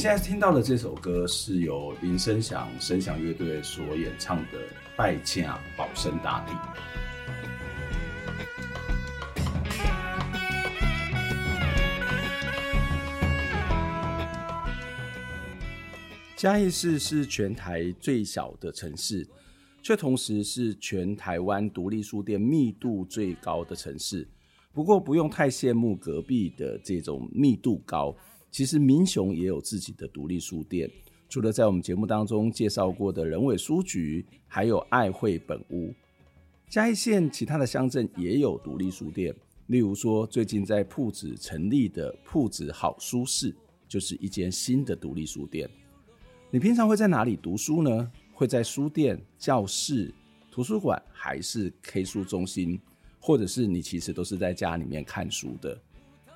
現在聽到的這首歌是由林生祥、生祥樂隊所演唱的《拜請保生大帝》。嘉義市是全台最小的城市，卻同時是全台灣獨立書店密度最高的城市。不過，不用太羨慕隔壁的這種密度高。其實民雄也有自己的獨立書店，除了在我們節目當中介紹過的仁偉書局，還有愛繪本屋。嘉義縣其他的鄉鎮也有獨立書店，例如說最近在朴子成立的朴子好書室，就是一間新的獨立書店。你平常會在哪裡讀書呢？會在書店、教室、圖書館，還是 K 書中心，或者是你其實都是在家裡面看書的？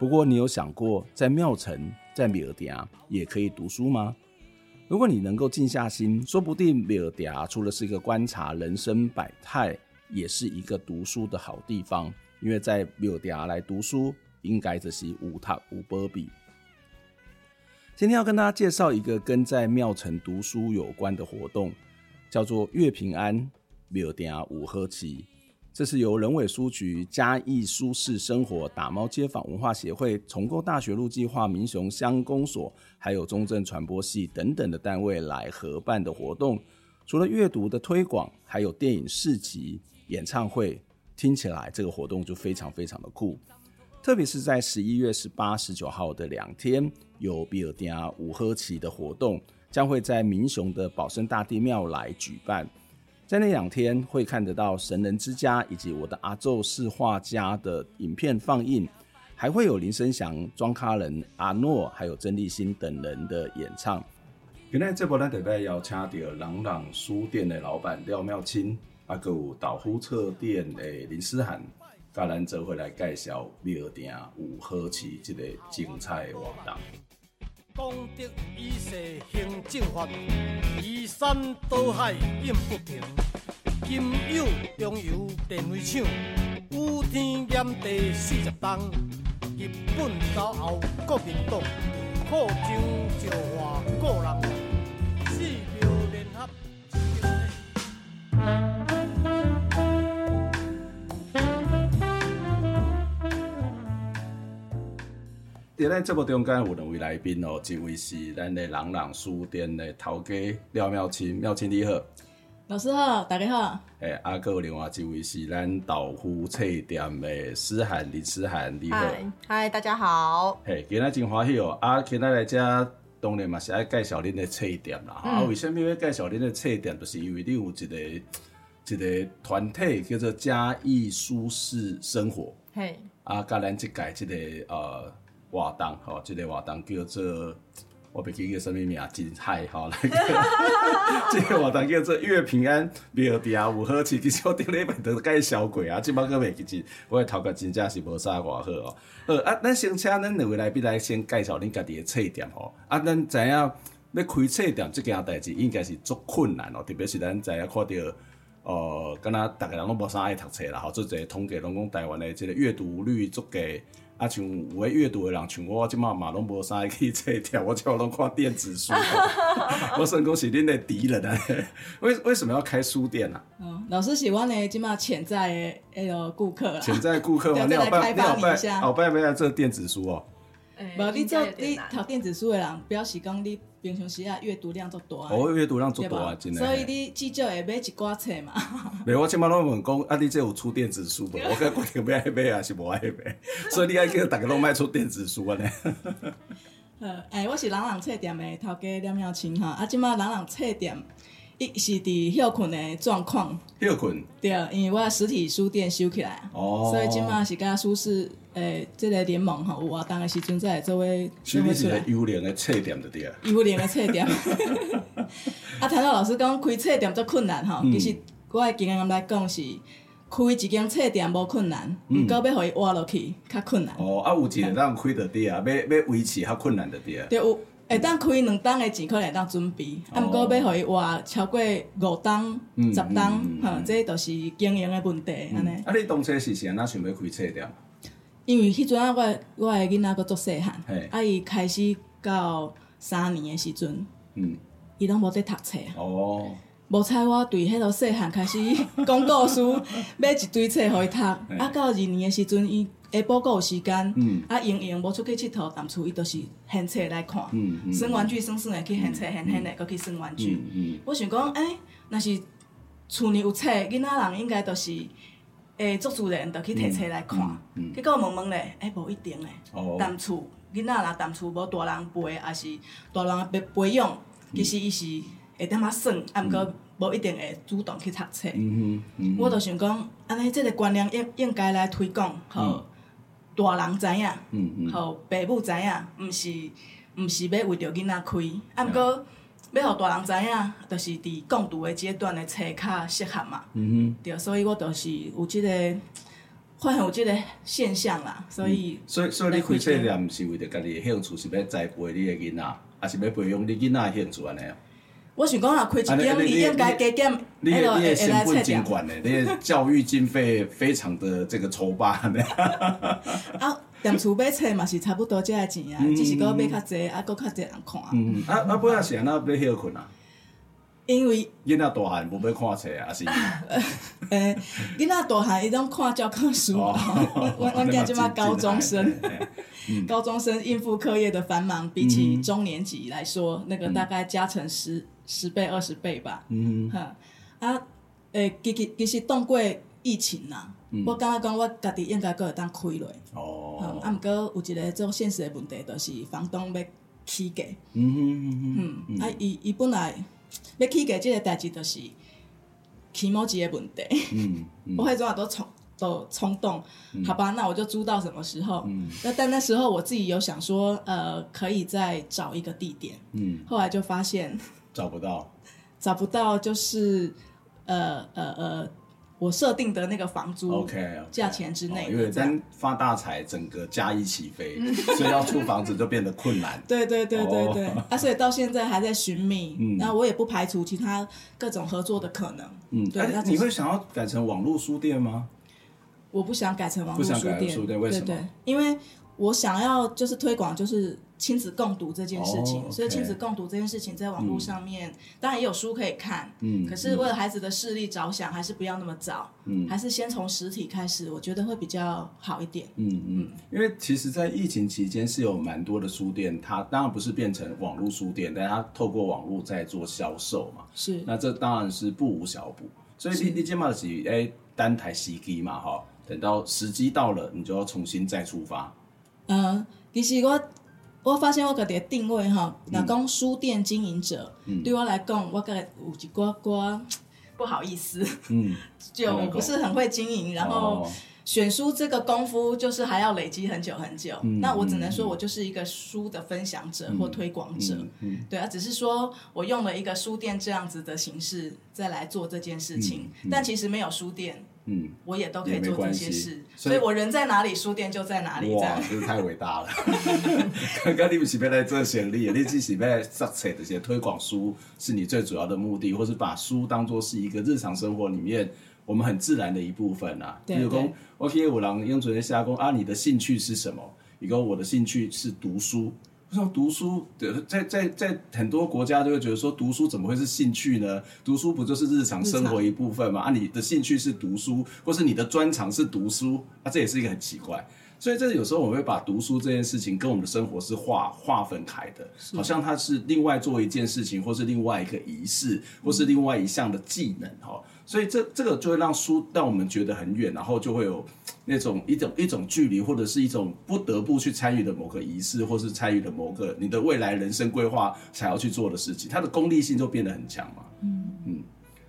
不過，你有想過在廟埕，在廟埕也可以讀書嗎？如果你能夠靜下心，說不定廟埕除了是一個觀察人生百態，也是一個讀書的好地方。因為在廟埕來讀書，應該這是有讀有保庇。今天要跟大家介紹一個跟在廟埕讀書有關的活動，叫做閱平安廟埕有好市。這是由仁偉書局、嘉義書式生活、打貓街坊文化協會、重構大學路計劃、民雄鄉公所，還有中正傳播系等等的單位來合辦的活動。除了閱讀的推廣，還有電影市集、演唱會，聽起來這個活動就非常非常的酷。特別是在十一月十八、十九號的兩天，有廟埕有好市的活動，將會在民雄的保生大帝廟來舉辦。在那兩天會看得到《神人之家》以及我的阿祖是畫家的影片放映，還會有林生祥、裝咖人、阿洛，還有曾立馨等人的演唱。今天這波呢，要請到朗朗書店的老闆廖妙卿，還有島呼冊店的林詩涵，咱則會來介紹廟埕有好市這個精彩的活動。功德已世行正法，移山倒海應不平。今有中油、電力廠，烏天暗地四十冬。日本走後，國民黨擴張石化國人忙。四聯合。今日這節目中間有兩位來賓哦、喔，一位是咱的朗朗書店的頭家廖妙卿，妙卿你好，老師好，大家好。誒、欸，阿個有另外一位是咱島呼冊店的詩涵林詩涵，你好嗨。嗨，大家好。嘿，今日真歡喜哦，阿、啊、今日來只當然嘛是愛介紹您的冊店啦、嗯。啊，為甚物要介紹您的冊店？就是因為你有一個、嗯、一個團體叫做嘉義書式生活。嘿，啊，甲咱即改即個呃。活動吼，即個活動叫做我袂記叫什麼名，真害吼來個。這個活動叫做閱、喔那個、 平安，廟埕有好市。其實我頂禮拜著介紹過啊，即擺閣袂記記，我頭殼真正是無啥偌好哦。呃、喔、 啊、咱、啊、先請恁兩位來，別來先介紹恁家己誒冊店吼。啊，咱知影要開冊店即件代志應該是足困難哦、喔，特別是咱知影看着哦，敢若逐個人攏無啥愛讀冊啦，吼、喔，做一者統計攏講台灣誒，即個閱讀率足低。啊，像會閱讀的人，像我即嘛馬龍波山去坐一條，我全部攏看電子書。 我想說是恁的敵人啊！為為什麼要開書店吶、啊？嗯、哦，老師喜歡呢，即嘛潛在的哎呦顧客啦。潛在顧客嘛 你要開發一下。哦，好拜要不要，這電子書哦、喔。無、欸，你做你讀電子書的人，表示講你。平常時啊，閱讀量就多啊。我、哦、閱讀量就多啊，真的。所以你至少會買一寡冊嘛。沒有，我今擺攏問公，啊，你這有出電子書無，我愛買，買，買也是無愛買。所以你愛叫大家攏賣出電子書呢。 這樣 好，誒、欸，我是朗朗冊店的頭家廖妙卿哈，啊，今擺朗朗冊店。伊是佇休困的狀況，休困，對，因為我的實體書店收起來，哦、所以今嘛是甲書式誒，即、欸這個聯盟吼、喔、有活動的時陣才會做伙。其實是個幽靈的冊店的對啊，幽靈的冊店。啊，譚到老師講開冊店足困難吼、喔嗯，其實我的經驗來講是開一間冊店無困難，到、嗯、要互伊活落去較困難。哦，啊，有一個人開着對啊，要要維持較困難着對啊。對。有。會當開兩當的錢可能會當準備，啊、哦，毋過要互伊活超過五當、嗯、十當，哈、嗯，即、嗯、個、嗯、就是經營的問題，安、嗯、尼。啊，你當初是是安怎想要開冊店的？因為迄陣啊，我我誒囡仔閣做細漢，啊，伊開始到三年誒時陣，嗯，伊攏無在讀冊啊，哦，無采我對迄個細漢開始講故事， 買一堆冊互伊讀，啊，到二年誒時陣伊。下晡夠有時間、嗯，啊，閒閒無出去佚佗，當初伊都是現冊來看、嗯嗯，玩玩具玩玩誒，去現冊現現誒，擱、嗯、去玩玩具。嗯嗯、我想講，哎、欸，若是厝內有冊，囡仔人應該都、就是誒，做主人都去摕冊來看、嗯嗯。結果問問咧，哎、欸，無一定誒。當初囡仔若當初無大人陪，也是大人培培養，其實伊是會點仔耍，啊、嗯，毋過無一定會主動去讀冊、嗯嗯嗯。我着想講，安尼即個觀念應應該來推廣，吼。嗯大人知影，互爸母知影，毋是毋是要為着囡仔開，啊、嗯，毋過、嗯、要互大人知影，就是佇共度的階段的冊較適合嘛。嗯哼，對，所以我就是有即、這個，發現有即個現象啦，所以、嗯、所以所以，所以你開這店，毋是為着家己的興趣，是欲栽培你誒囡仔，還是欲培養你囡仔誒興趣安尼？我想講啊，開一間醫院該加減，哎呦！哎來拆你的你也先不監管的，欸，你的教育經費非常的這個粗吧？啊，踮厝買冊嘛是差不多這個錢啊，只，嗯、是講買較濟啊，佫較濟人看、啊。嗯，啊啊不要想那買休困啊，因為囝仔大漢無要看冊啊是。誒囝仔大漢伊攏看教科書，喔、 阮阮阮囝即嘛高中生。高中生應付課業的繁忙，比起中年級來說，嗯、那個大概加成十、嗯、十倍二十倍吧。嗯哼，嗯哼啊，誒、欸，其其其實動過疫情啦，嗯、我剛剛講我家己應該擱會當開落。哦，啊，毋過有一個種現實的問題，就是房東要起價。嗯哼嗯哼,嗯哼嗯啊，伊、嗯、伊本來要起價，這個代志就是起毛錢個問題。嗯我迄陣也多從。嗯 衝動、嗯，好吧，那我就租到什麼時候？那、嗯、但那時候我自己有想說，呃，可以再找一個地點。嗯，後來就發現找不到，找不到就是呃呃呃，我設定的那個房租 okay, OK 價錢之內，因為但發大財，整個家一起飛，嗯、 所以要租房子就變得困難。對對對對對，對、哦，啊，所以到現在還在尋覓。嗯，那我也不排除其他各種合作的可能。嗯，對，那、就是、你會想要改成網路書店嗎？我不想改成網路書店，不想改書店，為什麼？對，對對，因為我想要就是推廣就是親子共讀這件事情，Oh, okay. 所以親子共讀這件事情在網路上面、嗯、當然也有書可以看，嗯，可是，為了孩子的視力着想、嗯，還是不要那麼早，嗯，還是先從實體開始，我覺得會比較好一點，嗯嗯，因為其實，在疫情期間是有蠻多的書店，它當然不是變成網路書店，但它透過網路在做銷售嘛，是，那這當然是不無小補，所以你你今嘛是哎、欸、單台 CD 嘛哈。等到時機到了，你就要重新再出發。嗯，其實我我發現我的定位哈，那講書店經營者、嗯、對我來講，我個我我不好意思，嗯， 就不是很會經營。Okay. 然後選書這個功夫，就是還要累積很久很久、嗯。那我只能說我就是一個書的分享者或推廣者，嗯嗯嗯、對啊，只是說我用了一個書店這樣子的形式再來做這件事情，嗯嗯、但其實沒有書店。嗯，我也都可以做這些事所，所以我人在哪裡，書店就在哪裡。哇，這真是太偉大了！剛 你們一起在做宣例， 你自己是不要這些、就是、推廣書是你最主要的目的，或是把書當作是一個日常生活裡面我們很自然的一部分啊？你講我 OK 五郎用嘴在下講啊？你的興趣是什麼？你說我的興趣是讀書。就像讀書，在在在很多國家都會覺得說讀書怎麼會是興趣呢？讀書不就是日常生活一部分嗎？啊，你的興趣是讀書，或是你的專長是讀書，啊，這也是一個很奇怪。所以，這有時候我們會把讀書這件事情跟我們的生活是劃劃分開的，好像它是另外做一件事情，或是另外一個儀式，或是另外一項的技能哈。嗯所以這這個就會讓書讓我們覺得很遠，然後就會有那種一種一種距離，或者是一種不得不去參與的某個儀式，或是參與的某個你的未來人生規劃才要去做的事情，它的功利性就變得很強嘛。嗯嗯，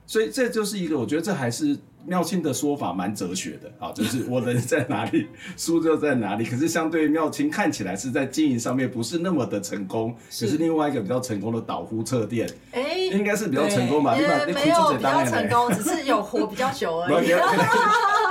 所以這就是一個，我覺得這還是。妙卿的說法蠻哲學的啊，就是我人在哪裡， 書就在哪裡。可是相對於妙卿，看起來是在經營上面不是那麼的成功，可是另外一個比較成功的島呼冊店，欸、應該是比較成功吧？你把那、欸、有，比較成功，只是有活比較久而已。有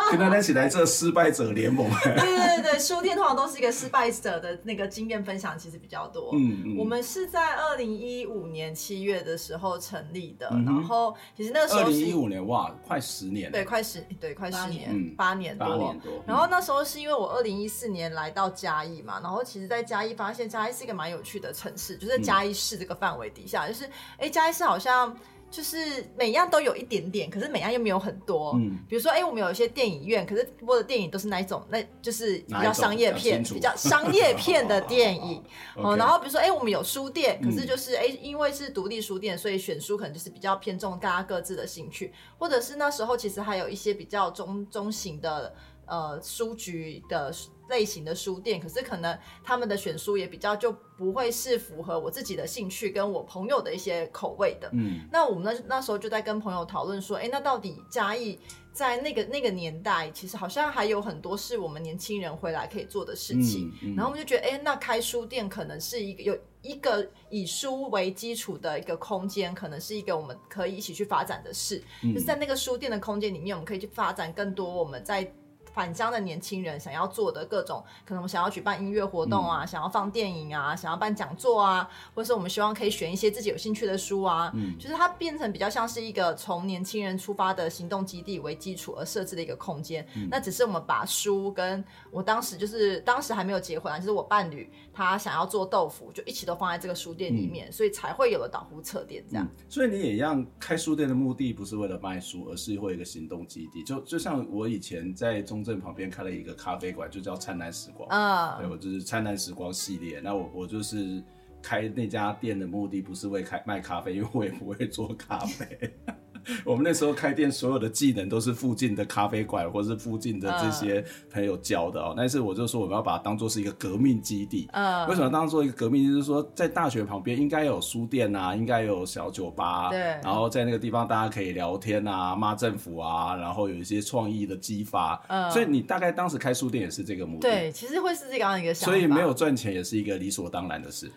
跟大家一起來這失敗者聯盟。 對，對對對，書店通常都是一個失敗者的那個經驗分享，其實比較多。嗯，嗯我們是在二零一五年七月的時候成立的，嗯、然後其實那時候是二零一五年，哇，快十年。對，快十對，快十年，八年，嗯、八年多、多、嗯、然後那時候是因為我二零一四年來到嘉義嘛，然後其實，在嘉義發現嘉義是一個蠻有趣的城市，就是嘉義市這個範圍底下，就是哎、欸，嘉義市好像。就是每樣都有一點點，可是每樣又沒有很多。嗯，比如說，哎，我們有一些電影院，可是播的電影都是那一種，那就是比較商業片，比較，比較商業片的電影。 哦， 哦 okay. 然後比如說，哎，我們有書店，可是就是哎、嗯就是，因為是獨立書店，所以選書可能就是比較偏重大家各自的興趣，或者是那時候其實還有一些比較中中型的。呃，書局的類型的書店，可是可能他們的選書也比較就不會是符合我自己的興趣跟我朋友的一些口味的。嗯，那我們那那時候就在跟朋友討論說，哎、欸，那到底嘉義在那個那個年代，其實好像還有很多是我們年輕人回來可以做的事情。嗯嗯、然後我們就覺得，哎、欸，那開書店可能是一個有一個以書為基礎的一個空間，可能是一個我們可以一起去發展的事。嗯、就是在那個書店的空間裡面，我們可以去發展更多我們在。返鄉的年輕人想要做的各種可能，想要舉辦音樂活動啊、嗯，想要放電影啊，想要辦講座啊，或者是我們希望可以選一些自己有興趣的書啊，嗯、就是它變成比較像是一個從年輕人出發的行動基地為基礎而設置的一個空間、嗯。那只是我們把書跟我當時就是當時還沒有結婚啊，就是我伴侶他想要做豆腐，就一起都放在這個書店裡面，嗯、所以才會有了島呼冊店這樣、嗯。所以你也一樣，開書店的目的不是為了賣書，而是會有一個行動基地。就就像我以前在中正旁邊開了一個咖啡館，就叫燦爛時光啊。Oh. 對，我就是燦爛時光系列。那我我就是開那家店的目的不是為開，賣咖啡，因為我也不會做咖啡。 我們那時候開店，所有的技能都是附近的咖啡館或是附近的這些朋友教的哦、喔。Uh, 但是我就說，我們要把它當做是一個革命基地。嗯、uh,，為什麼當做一個革命？就是說，在大學旁邊應該有書店啊，應該有小酒吧、啊。對。然後在那個地方，大家可以聊天啊，罵政府啊，然後有一些創意的激發。嗯、uh,。所以你大概當時開書店也是這個目的。對，其實會是這樣一個想法。所以沒有賺錢也是一個理所當然的事。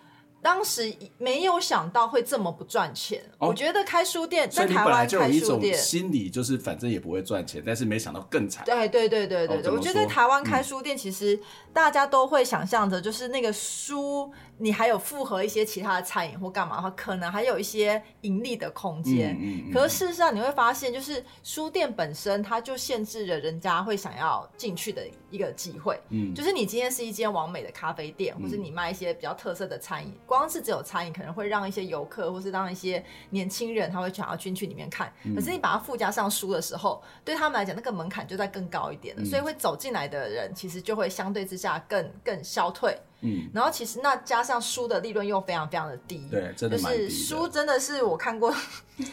當時沒有想到會這麼不賺錢，哦，我覺得開書店在台灣開書店，本來就有一種心理，就是反正也不會賺錢，但是沒想到更慘。對對對對對對、對、哦，我覺得台灣開書店其實大家都會想象着，就是那個書。嗯你還有複合一些其他的餐飲或幹嘛的話，可能還有一些盈利的空間、嗯嗯。可是事實上你會發現，就是書店本身它就限制了人家會想要進去的一個機會。嗯，就是你今天是一間網美的咖啡店，或是你賣一些比較特色的餐飲、嗯，光是只有餐飲可能會讓一些遊客或是讓一些年輕人他會想要進去裡面看。可是你把它附加上書的時候，對他們來講那個門檻就在更高一點了，嗯、所以會走進來的人其實就會相對之下更更消退。嗯，然後其實那加上書的利潤又非常非常的低，對，真的蠻低的。就是書真的是我看過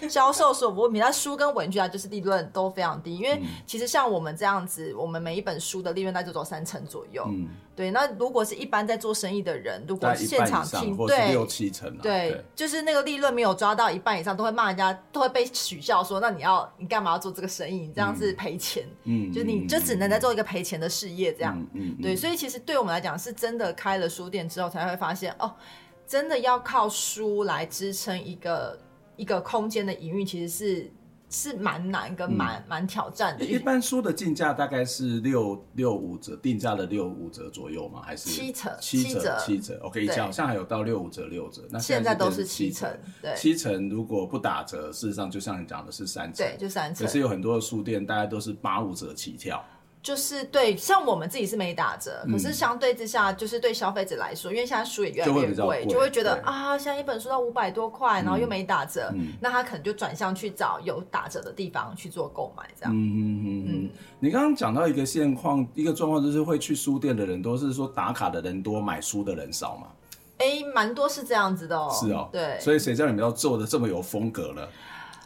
銷售說明他書跟文具啊，就是利潤都非常低。因為其實像我們這樣子，我們每一本書的利潤大概只三成左右。嗯，對。那如果是一般在做生意的人，如果是現場聽，對，有七成、啊對對，對，就是那個利潤沒有抓到一半以上，都會罵人家，都會被取笑說，那你要你幹嘛要做這個生意？你這樣子賠錢，嗯，就是、你就只能在做一個賠錢的事業這樣。嗯，對。嗯、所以其實對我們來講，是真的開。開了書店之後，才會發現哦，真的要靠書來支撐一個一個空間的營運，其實是是蠻難跟蠻、嗯、蠻挑戰的。一般書的進價大概是六六五折，定價的六五折左右嗎？還是七折？七折？七折？哦，以前好像還有到六五折、六折。那現在，現，在現在都是七折，對。七折如果不打折，事實上就像你講的是三折，對，就三折。可是有很多的書店，大家都是八五折起跳。就是對，像我們自己是沒打折，可是相對之下，嗯、就是對消費者來說，因為現在書也越來越貴，就會，就會覺得啊，現在一本書要五百多塊、嗯，然後又沒打折、嗯，那他可能就轉向去找有打折的地方去做購買，這樣。嗯嗯嗯嗯。你剛剛講到一個現況，一個狀況，就是會去書店的人多，是說打卡的人多，買書的人少嘛？哎、欸，蠻多是這樣子的哦。是哦，對，所以誰叫你們要做的這麼有風格了？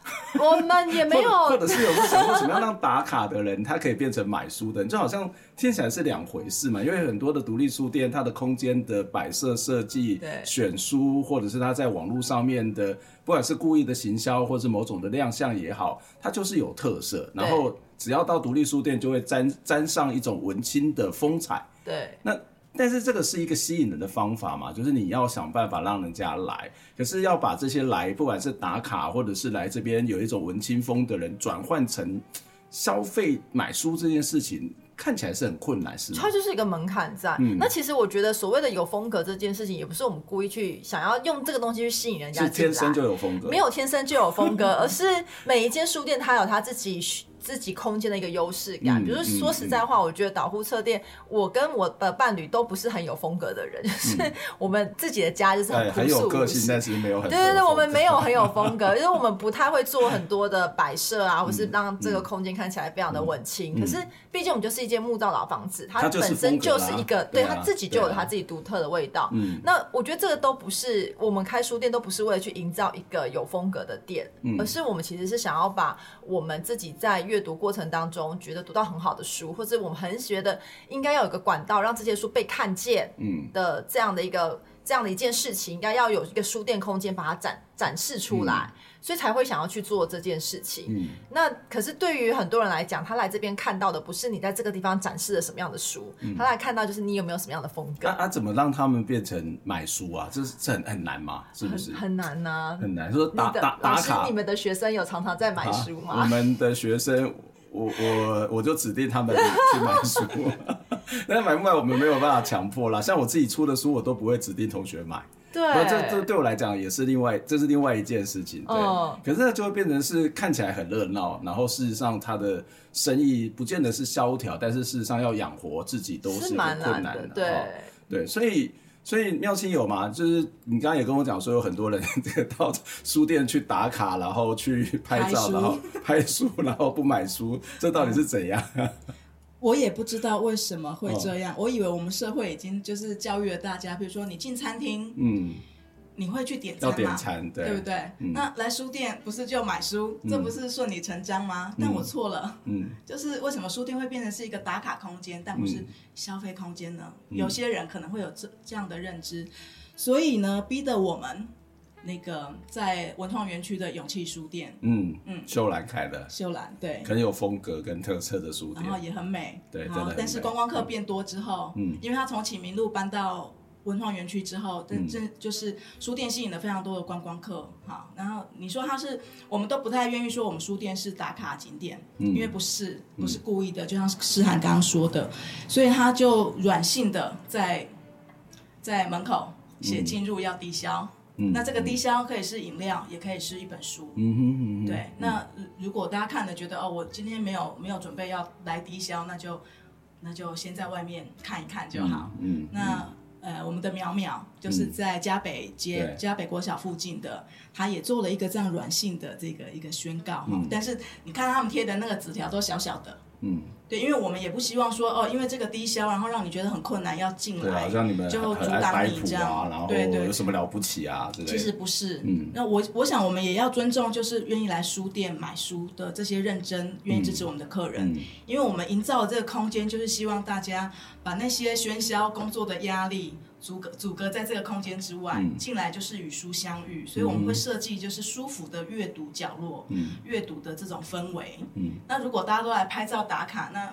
我們也沒有或，或者是有沒有想過什麼樣讓打卡的人， 他可以變成買書的人，就好像聽起來是兩回事嘛。因為很多的獨立書店，它的空間的擺設設計、選書，或者是它在網絡上面的，不管是故意的行銷，或者是某種的亮相也好，它就是有特色。然後只要到獨立書店，就會沾沾上一種文青的風采。對，那。但是這個是一個吸引人的方法嘛，就是你要想辦法讓人家來，可是要把這些來，不管是打卡或者是來這邊有一種文青風的人，轉換成消費買書這件事情，看起來是很困難，是嗎？它就是一個門檻在，嗯。那其實我覺得所謂的有風格這件事情，也不是我們故意去想要用這個東西去吸引人家。是天生就有風格，沒有天生就有風格， 而是每一間書店它有它自己。自己空間的一個優勢感，嗯嗯、比如說實在話，嗯、我覺得島呼冊店、嗯，我跟我的伴侶都不是很有風格的人，嗯、就是我們自己的家就是很樸素。哎、有個性，但是沒有很有風格。對對對，我們沒有很有風格， 因為我們不太會做很多的擺設啊，嗯、或是讓這個空間看起來非常的文青、嗯。可是畢竟我們就是一間木造老房子，嗯、它本身就是一個，它啊、對，對、啊、它自己就有它自己獨特的味道。嗯嗯、那我覺得這個都不是我們開書店，都不是為了去營造一個有風格的店，嗯、而是我們其實是想要把我們自己在。閱讀過程當中，覺得讀到很好的書，或者我們很覺得應該要有個管道，讓這些書被看見，嗯，的這樣的一個、嗯、這樣的一件事情，應該要有一個書店空間把它展展示出來。嗯所以才會想要去做這件事情。嗯，那可是對於很多人來講，他來這邊看到的不是你在這個地方展示了什麼樣的書，嗯、他來看到就是你有沒有什麼樣的風格。那、啊啊、怎麼讓他們變成買書啊？這是這很很難嗎？是不是？很，很難啊！很難。說打打打卡，你們的學生有常常在買書嗎？啊、我們的學生，我我我就指定他們去買書。那 買不買我們沒有辦法強迫啦。像我自己出的書，我都不會指定同學買。對，這這對我來講也是另外，這是另外一件事情。對哦，可是它就會變成是看起來很熱鬧，然後事實上它的生意不見得是蕭條，但是事實上要養活自己都是蠻困難的。難的，對對，所以所以妙卿有嗎？就是你剛剛也跟我講說有很多人到書店去打卡，然後去拍照，然後拍書，然後不買書，書 這到底是怎樣？嗯我也不知道為什麼會這樣、哦。我以為我們社會已經就是教育了大家，比如說你進餐廳，嗯，你會去點餐嗎？要點餐，對，對不對、嗯？那來書店不是就買書，這不是順理成章嗎？嗯、但我錯了，嗯，就是為什麼書店會變成是一個打卡空間，但不是消費空間呢、嗯？有些人可能會有這這樣的認知，嗯、所以呢，逼得我們。那個在文創園區的勇氣書店，嗯嗯，秀蘭開的，秀蘭對，很有風格跟特色的書店，然後也很美，對。然後好，但是觀光客變多之後，嗯，因為他從啟明路搬到文創園區之後，嗯、但真就是書店吸引了非常多的觀光客，哈。然後你說他是我們都不太願意說我們書店是打卡景點，嗯，因為不是、嗯、不是故意的，就像詩涵剛剛說的，所以他就軟性的在在門口寫進入要低消。嗯嗯、那這個低消可以是飲料、嗯，也可以是一本書。嗯哼嗯哼。對、嗯，那如果大家看了覺得哦，我今天沒有沒有準備要來低消，那就那就先在外面看一看就好。嗯。嗯那呃，我們的淼淼就是在嘉北街、嗯、嘉北國小附近的，他也做了一個這樣軟性的這個一個宣告。嗯。但是你看他們貼的那個紙條都小小的。嗯，對，因為我們也不希望說哦，因為這個低消，然後讓你覺得很困難要進來、啊啊，就阻擋你這樣，對對，有什麼了不起啊對對對不對？其實不是，嗯，那我我想我們也要尊重，就是願意來書店買書的這些認真願意支持我們的客人，嗯嗯、因為我們營造的這個空間，就是希望大家把那些喧囂工作的壓力，阻隔阻隔在這個空間之外，嗯，進來就是與書相遇，所以我們會設計就是舒服的閱讀角落，嗯，閱讀的這種氛圍，嗯。那如果大家都來拍照打卡，那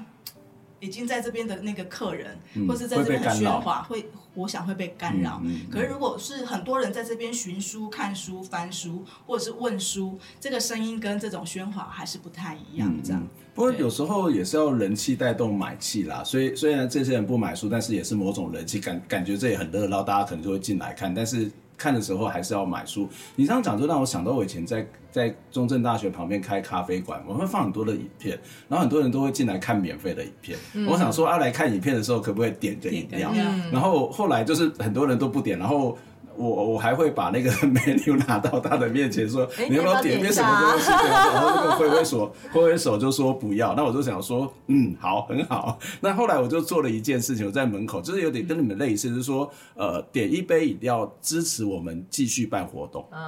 已經在這邊的那個客人，嗯、或是在這邊很喧嘩，會、會我想會被干擾，嗯嗯。可是如果是很多人在這邊尋書、看書、翻書，或者是問書，這個聲音跟這種喧嘩還是不太一樣，嗯、這樣。不過有時候也是要人氣帶動買氣啦，所以雖然這些人不買書，但是也是某種人氣感感覺這也很熱鬧，大家可能就會進來看。但是看的時候還是要買書。你這樣講就讓我想到我以前在在中正大學旁邊開咖啡館，我會放很多的影片，然後很多人都會進來看免費的影片、嗯。我想說啊，來看影片的時候可不可以點個飲料、嗯？然後後來就是很多人都不點，然後。我我還會把那個 menu 拿到她的面前說、欸：“你有沒有點一些什麼東西？” 然後我揮揮手揮揮手就說不要。那我就想說，嗯，好，很好。那後來我就做了一件事情，我在門口就是有點跟你們類似，就是說，呃，點一杯飲料支持我們繼續辦活動、嗯、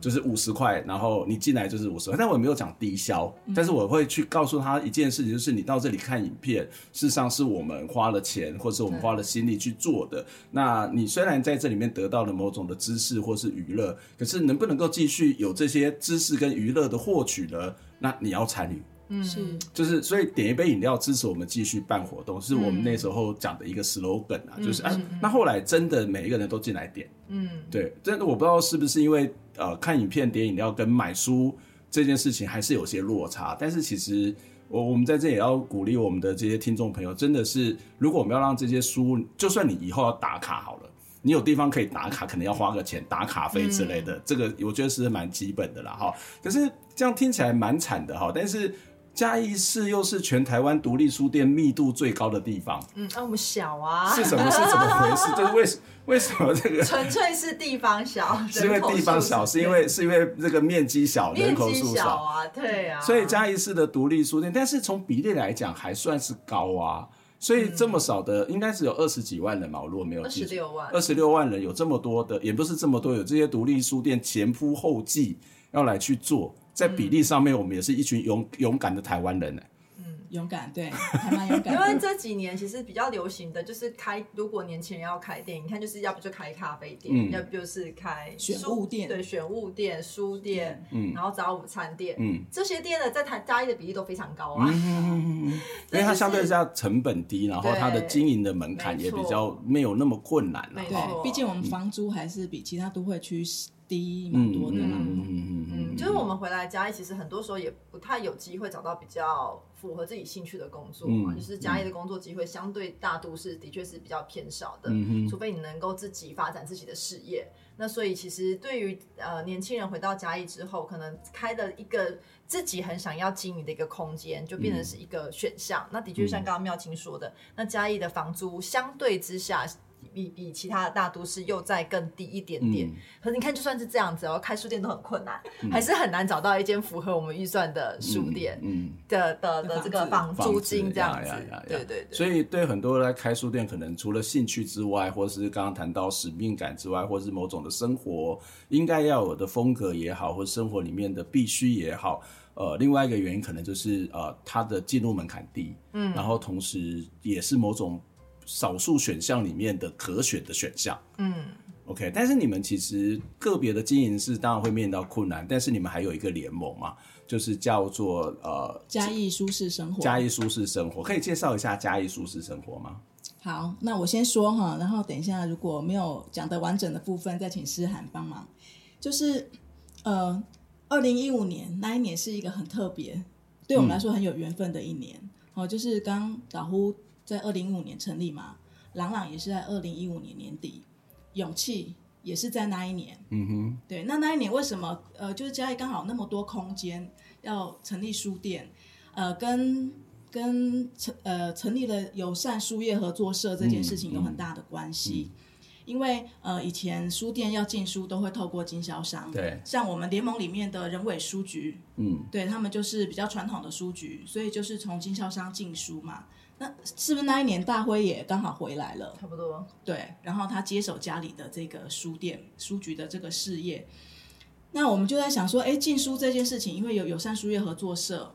就是五十塊，然後你進來就是五十塊。但我沒有講低消，但是我會去告訴他一件事情，就是你到這裡看影片，事實上是我們花了錢或者是我們花了心力去做的。那你雖然在這裡面得到了某。種的知識或是娛樂，可是能不能夠繼續有這些知識跟娛樂的獲取呢？那你要參與，嗯，是，就是所以點一杯飲料支持我們繼續辦活動，嗯，是我們那時候講的一個 slogan 啊，嗯，就是啊，那後來真的每一個人都進來點，嗯，對，真的我不知道是不是因為呃看影片點飲料跟買書這件事情還是有些落差，但是其實我我們在這也要鼓勵我們的這些聽眾朋友，真的是如果我們要讓這些書，就算你以後要打卡好了。你有地方可以打卡，可能要花個錢打卡費之類的、嗯，這個我覺得是蠻基本的啦哈、嗯。可是這樣聽起來蠻慘的哈，但是嘉義市又是全台灣獨立書店密度最高的地方，嗯，那我們小啊，是什麼是怎麼回事？這 個為什為什麼這個純粹是地方小， 是因為地方小，是因為是因為這個面積小，人口數少小啊，對啊，所以嘉義市的獨立書店，但是從比例來講還算是高啊。所以這麼少的，嗯、應該是有二十幾萬人吧？我如果沒有記錯，二十六萬，二十六萬人有這麼多的，也不是這麼多，有這些獨立書店前仆後繼要來去做，在比例上面，我們也是一群勇勇敢的台灣人呢、欸。勇敢，對，還蠻勇敢。 因為這幾年其實比較流行的就是開，如果年輕人要開店，你看就是要不就開咖啡店，嗯、要不就是開書、選物店。對，選物店、書店，嗯、然後找午餐店，嗯、這些店呢，在嘉義的比例都非常高啊。嗯嗯嗯嗯、因為它相對之下成本低，然後它的經營的門檻也比較沒有那麼困難了。對，畢竟我們房租還是比其他都會區。低，蠻多的啦嗯，嗯嗯、嗯、嗯就是我們回來嘉義，家其實很多時候也不太有機會找到比較符合自己興趣的工作嘛，嗯、就是嘉義的工作機會相對大都市的確是比較偏少的，嗯、除非你能夠自己發展自己的事業。那所以其實對於呃年輕人回到嘉義之後，可能開的一個自己很想要經營的一個空間，就變成是一個選項、嗯。那的確像剛剛妙卿說的，嗯、那嘉義的房租相對之下。比比其他的大都市又再更低一點點，嗯、可是你看就算是這樣子、哦，然後開書店都很困難，嗯、還是很難找到一間符合我們預算的書店，嗯,嗯的的的這個房租金這樣子，子啊啊啊、對對對,對。所以對很多人開書店，可能除了興趣之外，或是剛剛談到使命感之外，或是某種的生活應該要有的風格也好，或生活裡面的必須也好，呃，另外一個原因可能就是呃，它的進入門檻低，嗯，然後同時也是某種。少數選項裡面的可選的選項，嗯，OK。但是你們其實個別的經營是當然會面到困難，但是你們還有一個聯盟嘛，就是叫做呃嘉義書式生活。嘉義書式生活可以介紹一下嘉義書式生活嗎？好，那我先說哈，然後等一下如果沒有講得完整的部分，再請詩涵幫忙。就是呃，二零一五年那一年是一個很特別，對我們來說很有緣分的一年。好、嗯，就是剛剛老胡。在二零一五年成立嘛，朗朗也是在二零一五年年底，勇氣也是在那一年。嗯哼，對，那那一年為什麼呃，就是嘉義剛好那麼多空間要成立書店，呃，跟跟成呃成立了友善書業合作社這件事情有很大的關係，嗯嗯嗯、因為呃以前書店要進書都會透過經銷商，對，像我們聯盟裡面的仁偉書局，嗯，對他們就是比較傳統的書局，所以就是從經銷商進書嘛。那是不是那一年大輝也剛好回來了？差不多。對，然後他接手家裡的這個書店、書局的這個事業。那我們就在想說，哎，進書這件事情，因為有友善書業合作社，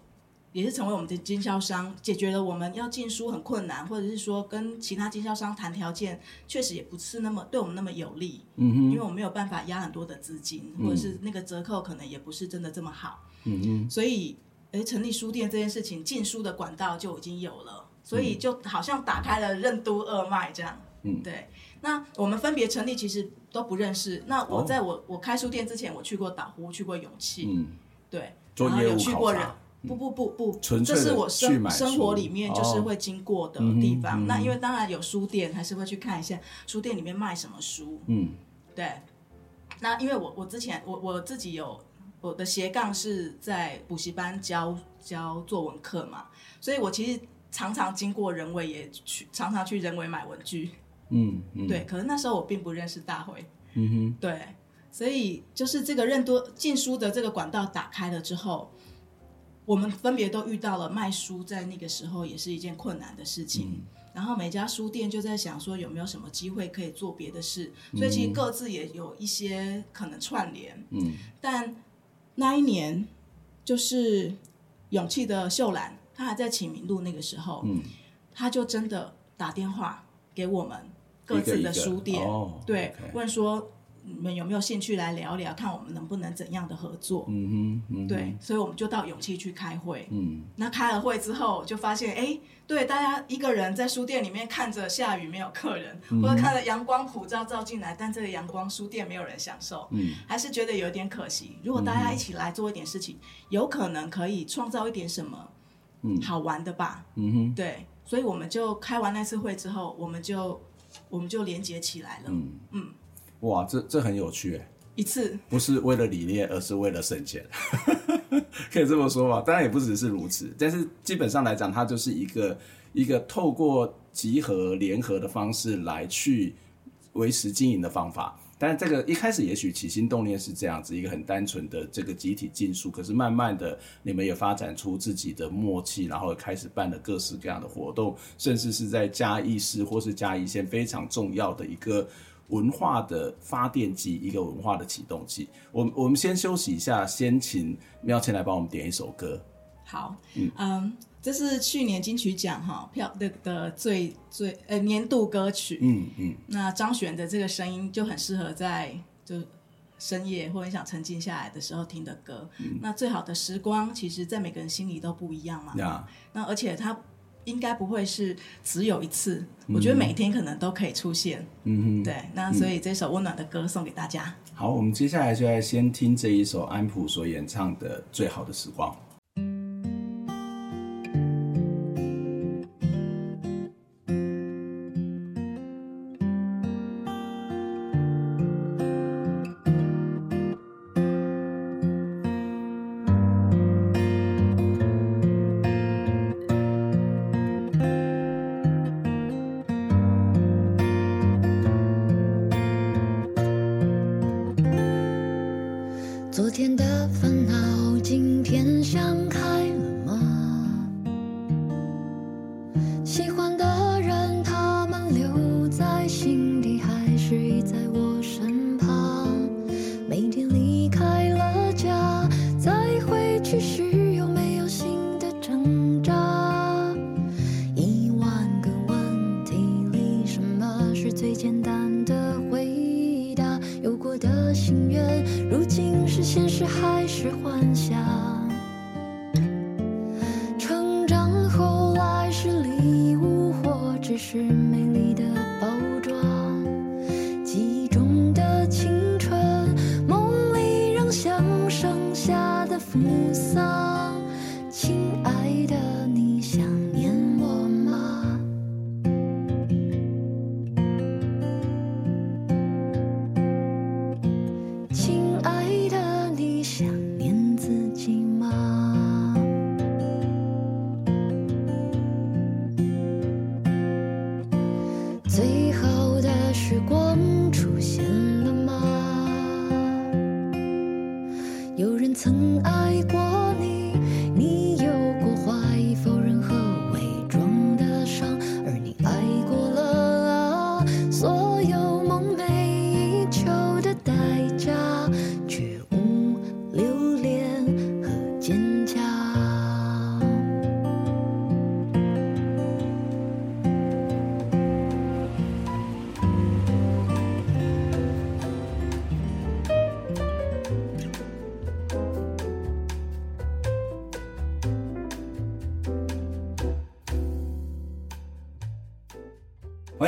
也是成為我們的經銷商，解決了我們要進書很困難，或者是說跟其他經銷商談條件，確實也不是那麼對我們那麼有利。嗯嗯。因為我們沒有辦法壓很多的資金，或者是那個折扣可能也不是真的這麼好。嗯嗯。所以，哎，成立書店這件事情，進書的管道就已經有了。所以就好像打開了任督二脈這樣，嗯，對。那我們分別成立，其實都不認識。那我在我、哦、我開書店之前，我去過島呼，去過勇氣。嗯，對，然後有去過，人、嗯。不不不不，這是我生生活裡面就是會經過的地方、哦嗯嗯。那因為當然有書店，還是會去看一下書店裡面賣什麼書，嗯，對。那因為我我之前我我自己有我的斜槓是在補習班教教作文課嘛，所以我其實。常常經過仁偉，也去常常去仁偉買文具嗯。嗯，對。可是那時候我並不認識大輝。嗯哼。對，所以就是這個任多進書的這個管道打開了之後，我們分別都遇到了賣書，在那個時候也是一件困難的事情、嗯。然後每家書店就在想說有沒有什麼機會可以做別的事、嗯，所以其實各自也有一些可能串聯。嗯，但那一年就是勇氣的秀蘭。他還在啟明路那個時候、嗯，他就真的打電話給我們各自的書店，一個一個哦、對，okay. 問說你們有沒有興趣來聊聊，看我們能不能怎樣的合作？嗯嗯對，所以我們就到勇氣去開會。嗯，那開了會之後，就發現哎，對，大家一個人在書店裡面看着下雨沒有客人、嗯，或者看着陽光普照照進來，但這個陽光書店沒有人享受，嗯，還是覺得有點可惜。如果大家一起來做一點事情，嗯，有可能可以創造一點什麼。嗯、好玩的吧？嗯哼，對，所以我們就開完那次會之後，我們就我們就連接起來了。嗯嗯，哇，這這很有趣欸。一次不是為了理念，而是為了省錢， 可以這麼說吧？當然也不只是如此，但是基本上來講，它就是一個一個透過集合聯合的方式來去維持經營的方法。但這個一開始也許起心動念是這樣子，一個很單純的這個集體競速。可是慢慢的，你們也發展出自己的默契，然後開始辦了各式各樣的活動，甚至是在嘉義市或是嘉義縣非常重要的一個文化的發電機，一個文化的啟動器。我們我們先休息一下，先請妙卿來幫我們點一首歌。好，嗯嗯。Um... 這是去年金曲獎哈票的的最最呃年度歌曲，嗯嗯。那張懸的這個聲音就很適合在就深夜或者你想沉浸下來的時候聽的歌。嗯、那最好的時光，其實在每個人心裡都不一樣嘛。嗯、那而且它應該不會是只有一次，嗯，我覺得每天可能都可以出現。嗯嗯。對，那所以這首溫暖的歌送給大家。好，我們接下來就要先聽這一首安溥所演唱的《最好的時光》。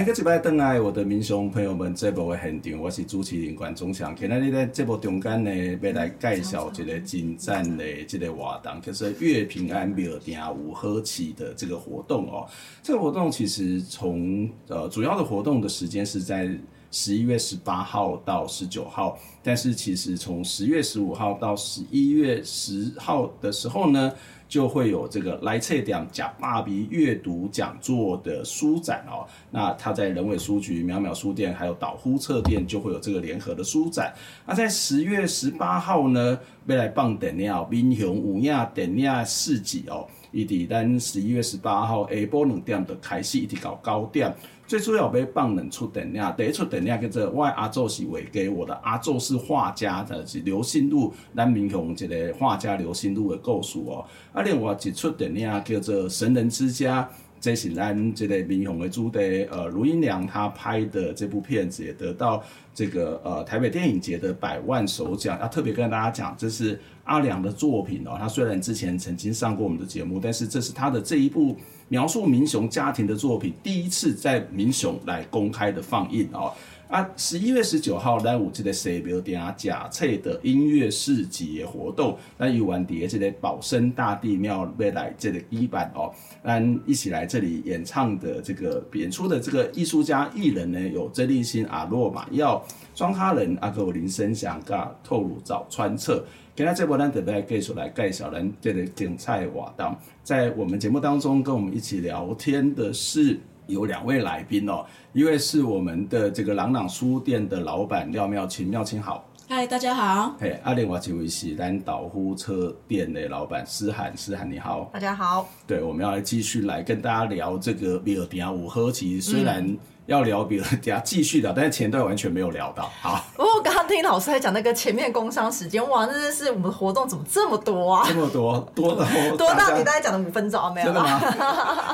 今次擺登來，我的民雄朋友們，這部的現場，我是主持人管中祥。今日你在這部中間呢，要來介紹一個進展的這個活動，就是“閱平安，廟埕有好市”的這個活動哦。這個活動其實從呃主要的活動的時間是在十一月十八號到十九號，但是其實從十月十五號到十一月十號的時候呢。就會有這個讀冊吃辦桌、閱讀講座的書展哦，那他在仁偉書局、渺渺書店，還有島呼冊店就會有這個聯合的書展。那在十月十八號呢，未來邦等尼亞民雄烏亞等尼亞世紀哦。以及咱十一月十八號下晡兩點就開始，一直到九點。最主要被放兩出電影，第一出電影叫做《我阿祖是畫給我的》，阿祖是畫家的是劉心、就是、路，咱民雄一個畫家劉新祿的故事哦。啊，另外一出電影叫做《神人之家》，這是咱這個民雄的主題。呃盧盈良他拍的這部片子也得到這個呃台北電影節的百萬首獎。要、啊、特別跟大家講，這是。阿良的作品哦，他雖然之前曾經上過我們的節目，但是這是他的這一部描述民雄家庭的作品，第一次在民雄來公開的放映哦。啊，十一月十九號來我記的 c a b l 啊，假翠的音樂市集活動，那有玩碟這裡保生大帝廟未來這裡一版哦，那一起來這裡演唱的這個演出的這個藝術家藝人呢，有曾立馨阿洛瑪要。裝咖人阿古林生祥甲透露早川策，今天這波呢特別介紹來介紹咱這個點菜瓦當，在我們節目當中跟我們一起聊天的是有兩位來賓哦、喔，一位是我們的這個朗朗書店的老闆廖妙卿。妙卿好。嗨，大家好，嘿，阿連瓦清威是咱島呼冊店的老闆詩、詩涵。詩涵你好。大家好。對，我們要來繼續來跟大家聊這個廟埕有好市雖然、嗯。要聊別人，比如底下繼續聊，但是前段完全沒有聊到。好，哦，我剛剛聽老師在講那個前面工商時間，哇，真的是我們活動怎麼這麼多啊？這麼多，多到多到你大概講了五分鐘啊？沒有？真的嗎？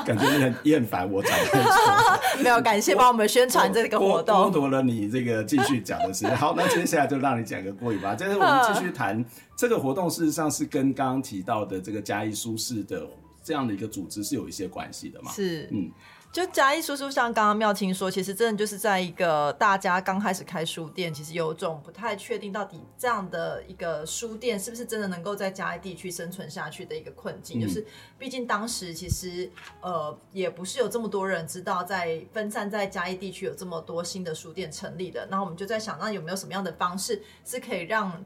感覺你很厭煩我講。的 沒有，感謝幫我們宣傳這個活動，剝奪了你這個繼續講的時間。 好，那接下來就讓你講個過癮吧。就是我們繼續談這個活動，事實上是跟剛剛提到的這個嘉義書式的這樣的一個組織是有一些關係的嘛？是，嗯。就嘉義叔叔像剛剛妙卿說，其實真的就是在一個大家剛開始開書店，其實有種不太確定到底這樣的一個書店是不是真的能夠在嘉義地區生存下去的一個困境。嗯、就是畢竟當時其實呃也不是有這麼多人知道，在分散在嘉義地區有這麼多新的書店成立的。然後我們就在想，那有沒有什麼樣的方式是可以讓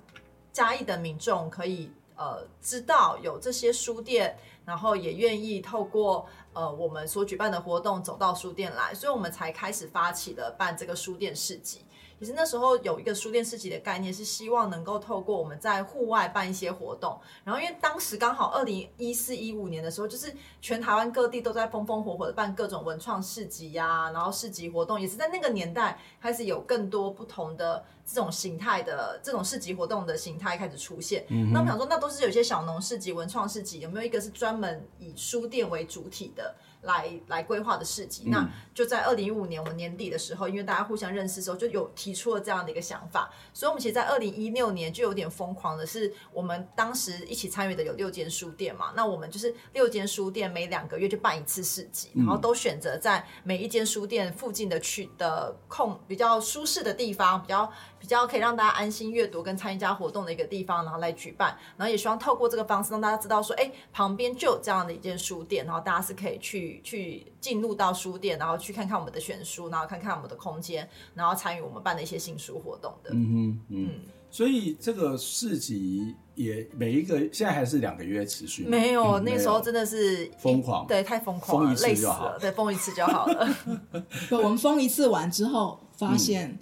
嘉義的民眾可以呃知道有這些書店，然後也願意透過。呃，我們所舉辦的活動走到書店來，所以我們才開始發起了辦這個書店市集。其實那時候有一個書店市集的概念，是希望能夠透過我們在戶外辦一些活動，然後因為當時剛好二零一四、一五年的時候，就是全台灣各地都在風風火火的辦各種文創市集呀、啊，然後市集活動也是在那個年代開始有更多不同的。這種形態的這種市集活動的形態開始出現，嗯，那我想說，那都是有一些小農市集、文創市集，有沒有一個是專門以書店為主體的？來來規劃的市集，那就在二零一五年我們年底的時候，因為大家互相認識的時候就有提出了這樣的一個想法。所以，我們其實，在二零一六年就有點瘋狂的是，我們當時一起參與的有六間書店嘛。那我們就是六間書店每兩個月就辦一次市集，然後都選擇在每一間書店附近的區的空比較舒適的地方，比較比較可以讓大家安心閱讀跟參加活動的一個地方，然後來舉辦。然後也希望透過這個方式讓大家知道說，哎、欸，旁邊就有這樣的一間書店，然後大家是可以去。去進入到書店，然後去看看我們的選書，然後看看我們的空間，然後參與我們辦的一些新書活動的。嗯嗯、嗯。所以這個市集也每一個現在還是兩個月持續嗎？沒有、嗯，那時候真的是瘋狂、欸，對，太瘋狂了，累死了。對，瘋一次就好了。我們瘋一次完之後發現。嗯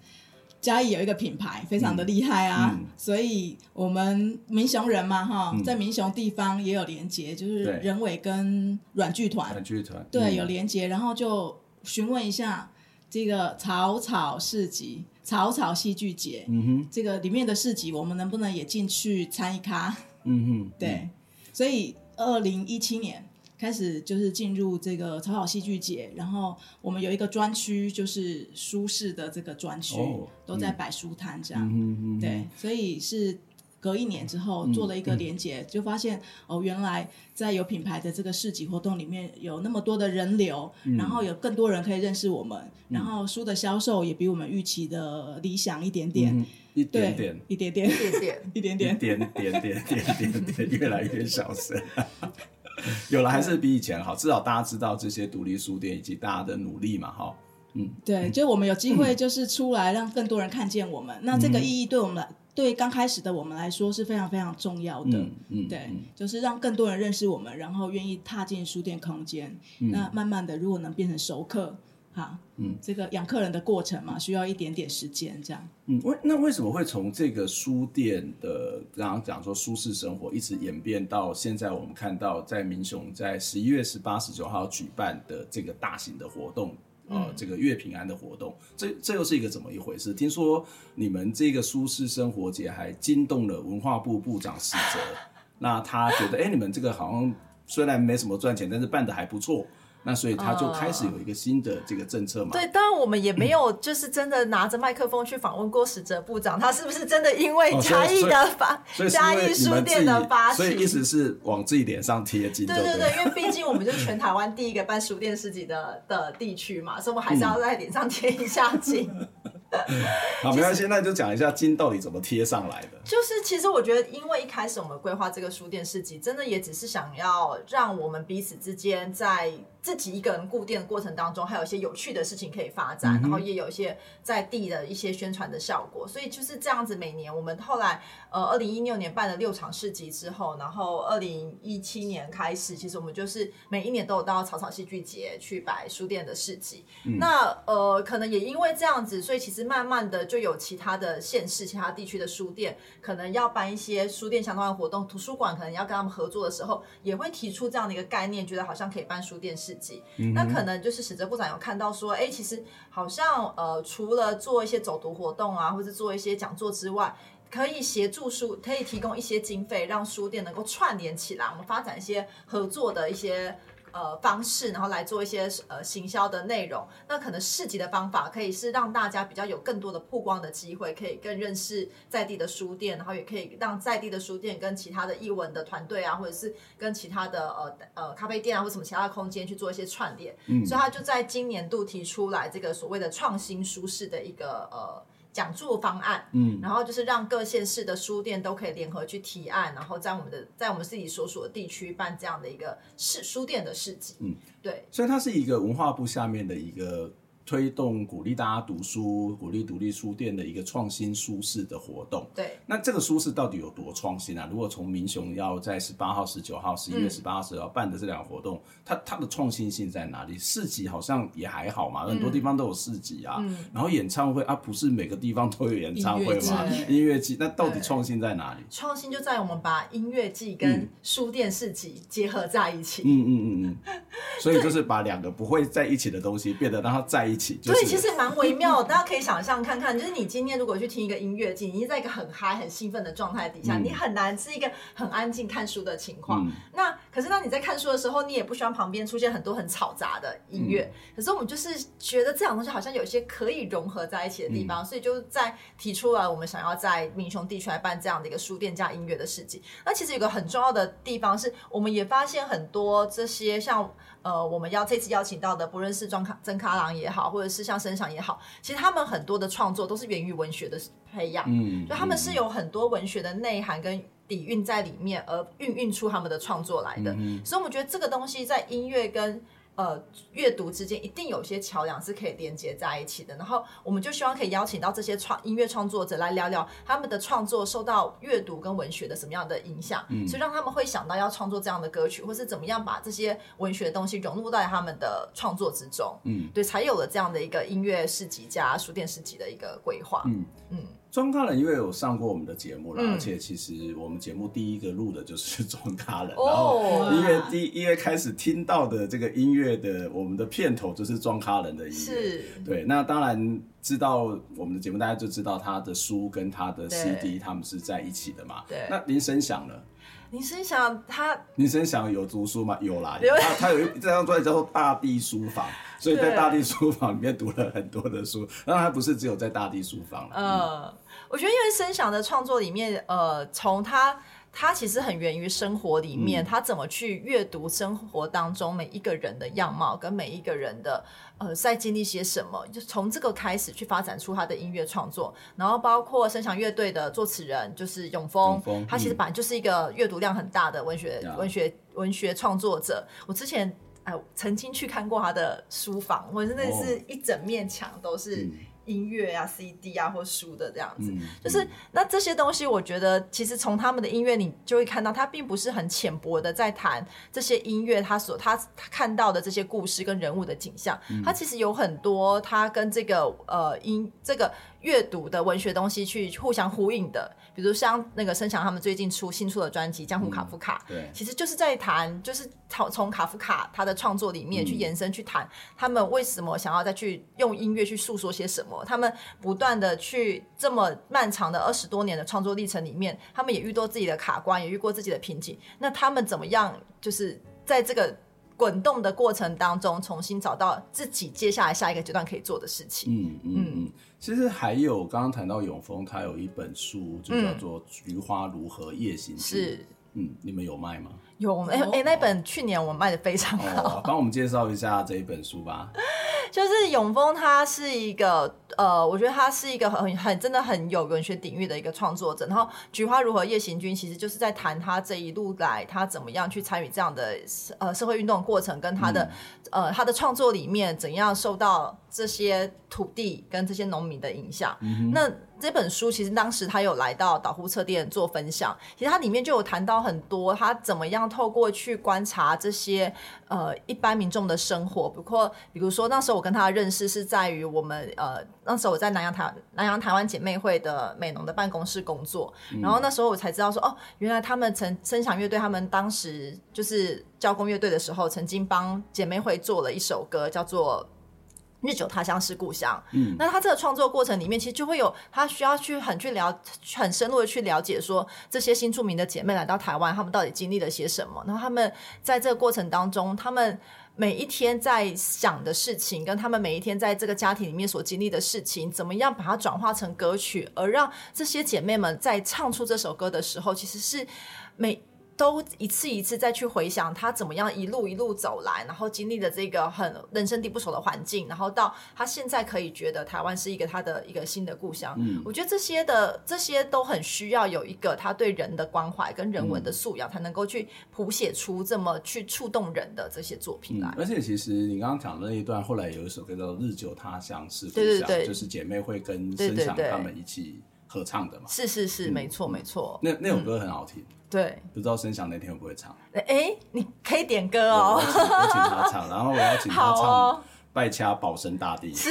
嘉義有一個品牌非常的厲害啊、嗯嗯，所以我們民雄人嘛哈、嗯，在民雄地方也有連接，就是仁偉跟阮劇團，劇團對、嗯、對有連接，然後就詢問一下這個草草市集、草草戲劇節，這個裡面的市集，我們能不能也進去參一咖？嗯哼，對，所以二零一七年。開始就是進入這個草草戲劇節，然後我們有一個專區，就是書市的這個專區、哦嗯，都在擺書攤這樣、嗯嗯嗯。對，所以是隔一年之後做了一個連結，嗯嗯、就發現哦，原來在有品牌的這個市集活動裡面有那麼多的人流，嗯、然後有更多人可以認識我們、嗯，然後書的銷售也比我們預期的理想一點點，嗯嗯、一點點，一點點，一點點， 一點點，點點 點點點越來越小聲。 有了還是比以前好，至少大家知道這些獨立書店以及大家的努力嘛，哈，嗯，對，就我們有機會就是出來，讓更多人看見我們，嗯、那這個意義對我們來、嗯，對剛開始的我們來說是非常非常重要的，嗯，嗯對，就是讓更多人認識我們，然後願意踏進書店空間、嗯，那慢慢的如果能變成熟客。啊，嗯，這個養客人的過程嘛，需要一點點時間，這樣。嗯，為那為什麼會從這個書店的，剛剛講說書式生活，一直演變到現在，我們看到在民雄在十一月十八、十九號舉辦的這個大型的活動，嗯呃、這個閱平安的活動，這這又是一個怎麼一回事？聽說你們這個書式生活節還驚動了文化部部長史哲， 那他覺得，哎、欸，你們這個好像雖然沒什麼賺錢，但是辦的還不錯。那所以他就開始有一個新的這個政策嘛？嗯、對，當然我們也沒有就是真的拿着麥克風去訪問過史哲部長，他是不是真的因為嘉義的發嘉、哦、義書店的發起？所以意思是往自己臉上貼金對。對對對，因為畢竟我們就是全台灣第一個辦書店市集的的地區嘛，所以我們還是要在臉上貼一下金。嗯 就是、好，沒關係那現在就講一下金到底怎麼貼上來的。就是、就是、其實我覺得，因為一開始我們規劃這個書店市集，真的也只是想要讓我們彼此之間在。自己一個人顧店的過程當中，還有一些有趣的事情可以發展，然後也有一些在地的一些宣傳的效果，所以就是這樣子。每年我們後來，呃，二零一六年辦了六場市集之後，然後二零一七年開始，其實我們就是每一年都有到草草戲劇節去擺書店的市集。嗯、那呃，可能也因為這樣子，所以其實慢慢的就有其他的縣市、其他地區的書店可能要辦一些書店相關的活動，圖書館可能要跟他們合作的時候，也會提出這樣的一個概念，覺得好像可以辦書店市。嗯、那可能就是史哲部長有看到說，哎、欸，其實好像呃，除了做一些走讀活動啊，或者做一些講座之外，可以協助書，可以提供一些經費，讓書店能夠串聯起來，我們發展一些合作的一些。呃，方式，然後來做一些呃行銷的內容，那可能市集的方法可以是讓大家比較有更多的曝光的機會，可以更認識在地的書店，然後也可以讓在地的書店跟其他的藝文的團隊啊，或者是跟其他的呃呃咖啡店啊，或者什麼其他的空間去做一些串聯。嗯，所以他就在今年度提出來這個所謂的創新書市的一個呃。講座方案，嗯，然後就是讓各縣市的書店都可以聯合去提案，然後在我們的、在我們自己所屬的地區辦這樣的一個市書店的市集，嗯，對，所以它是一個文化部下面的一個。推動鼓勵大家讀書，鼓勵獨立書店的一個創新書市的活動。對，那這個書市到底有多創新啊？如果從民雄要在十八號、十九號、十一月十八號要、嗯、辦的這兩個活動，它它的創新性在哪裡？市集好像也還好嘛，很多地方都有市集啊。嗯、然後演唱會啊，不是每個地方都有演唱會嘛？音樂季那到底創新在哪裡？創新就在我們把音樂季跟書店市集結合在一起。嗯嗯嗯嗯，所以就是把兩個不會在一起的東西變得讓它在一。所以、就是、其實蠻微妙的、嗯，大家可以想象看看，就是你今天如果去聽一個音樂，你在一個很嗨、很興奮的狀態底下、嗯，你很難是一個很安靜看書的情況。嗯、那可是，那你在看書的時候，你也不希望旁邊出現很多很吵雜的音樂。嗯、可是，我們就是覺得這兩東西好像有些可以融合在一起的地方，嗯、所以就在提出了我們想要在民雄地區來辦這樣的一個書店加音樂的事情。那其實有個很重要的地方是，我們也發現很多這些像呃，我們要這次邀請到的，不論是裝咖人、裝咖郎也好，或者是像生祥也好，其實他們很多的創作都是源於文學的培養，嗯，就他們是有很多文學的內涵跟底蘊在裡面，而孕育出他們的創作來的。嗯、所以，我們覺得這個東西在音樂跟呃，閱讀之間一定有些橋梁是可以連接在一起的。然後我們就希望可以邀請到這些創音樂創作者來聊聊他們的創作受到閱讀跟文學的什麼樣的影響，嗯，所以讓他們會想到要創作這樣的歌曲，或是怎麼樣把這些文學的東西融入到他們的創作之中。嗯，對，才有了這樣的一個音樂市集加書店市集的一個規劃。嗯嗯。裝咖人，因為有上過我們的節目了、嗯，而且其實我們節目第一個錄的就是裝咖人、嗯，然後音樂第一個開始聽到的這個音樂的，我們的片頭就是裝咖人的音樂，對。那當然知道我們的節目，大家就知道他的書跟他的 CD，他們是在一起的嘛。對。那鈴聲響了，鈴聲響，聲響他鈴聲響有讀書嗎？有啦， 有啦他他有一這張專輯叫做《大地書房》，所以在《大地書房》裡面讀了很多的書，當然他不是只有在《大地書房》，呃，嗯。我覺得，因為生祥的創作裡面，呃，從他他其實很源於生活裡面、嗯，他怎麼去閱讀生活當中每一個人的樣貌，嗯、跟每一個人的呃在經歷些什麼，就從這個開始去發展出他的音樂創作。然後，包括生祥樂隊的作詞人就是永豐、嗯，他其實本來就是一個閱讀量很大的文學、嗯、文學文學創作者。我之前哎、呃、曾經去看過他的書房，我真的是一整面牆都是。哦嗯音樂啊，CD 啊，或書的這樣子，嗯嗯、就是那這些東西，我覺得其實從他們的音樂，你就會看到他並不是很淺薄的，在談這些音樂，他所他看到的這些故事跟人物的景象，嗯、他其實有很多他跟這個呃音這個。閱讀的文學東西去互相呼應的，比如像那個生祥他們最近出新出的專輯《江湖卡夫卡》嗯，對，其實就是在談，就是從從卡夫卡他的創作裡面去延伸去談，他們為什麼想要再去用音樂去訴說些什麼？他們不斷的去這麼漫長的二十多年的創作歷程裡面，他們也遇到自己的卡關，也遇過自己的瓶頸。那他們怎麼樣，就是在這個滾動的過程當中，重新找到自己接下來下一個階段可以做的事情？嗯嗯。嗯其實還有剛剛談到永豐，他有一本書就叫做《菊花如何夜行》，嗯，是。嗯，你們有賣嗎？有，哎、欸，哎、哦欸，那本去年我賣的非常好。幫、哦、我們介紹一下這一本書吧。就是永豐，他是一個呃，我覺得他是一個很很真的很有文學底蘊的一個創作者。然後《菊花如何夜行軍》其實就是在談他這一路來，他怎麼樣去參與這樣的呃社會運動過程，跟他的、嗯、呃他的創作裡面怎樣受到這些土地跟這些農民的影響、嗯。那。這本書其實當時他有來到島呼冊店做分享，其實他裡面就有談到很多他怎麼樣透過去觀察這些呃一般民眾的生活。不過比如說那時候我跟他的認識是在於我們呃那時候我在南洋台南洋台灣姐妹會的美濃的辦公室工作，嗯、然後那時候我才知道說哦，原來他們曾生祥樂隊他們當時就是交工樂隊的時候曾經幫姐妹會做了一首歌叫做。日久他鄉是故鄉。嗯，那他這個創作過程裡面，其實就會有他需要去很去了很深入的去了解，說這些新住民的姐妹來到台灣，他們到底經歷了些什麼？然後他們在這個過程當中，他們每一天在想的事情，跟他們每一天在這個家庭裡面所經歷的事情，怎麼樣把它轉化成歌曲，而讓這些姐妹們在唱出這首歌的時候，其實是每。都一次一次再去回想他怎麼樣一路一路走來，然後經歷的這個很人生地不熟的環境，然後到他現在可以覺得台灣是一個他的一個新的故鄉。嗯，我覺得這些的這些都很需要有一個他對人的關懷跟人文的素養，才能夠去譜寫出這麼去觸動人的這些作品來。嗯，而且其實你剛剛講的那一段，後來有一首歌叫《日久他鄉是故鄉》對對對，就是姐妹會跟生祥他們一起對對對對。合唱的嘛，是是是，嗯、沒錯沒錯。那那首歌很好聽，對、嗯，不知道生祥那天會不會唱。哎、欸，你可以點歌哦，我、請、我請他唱， 然後我要請他唱。拜掐保生大帝是，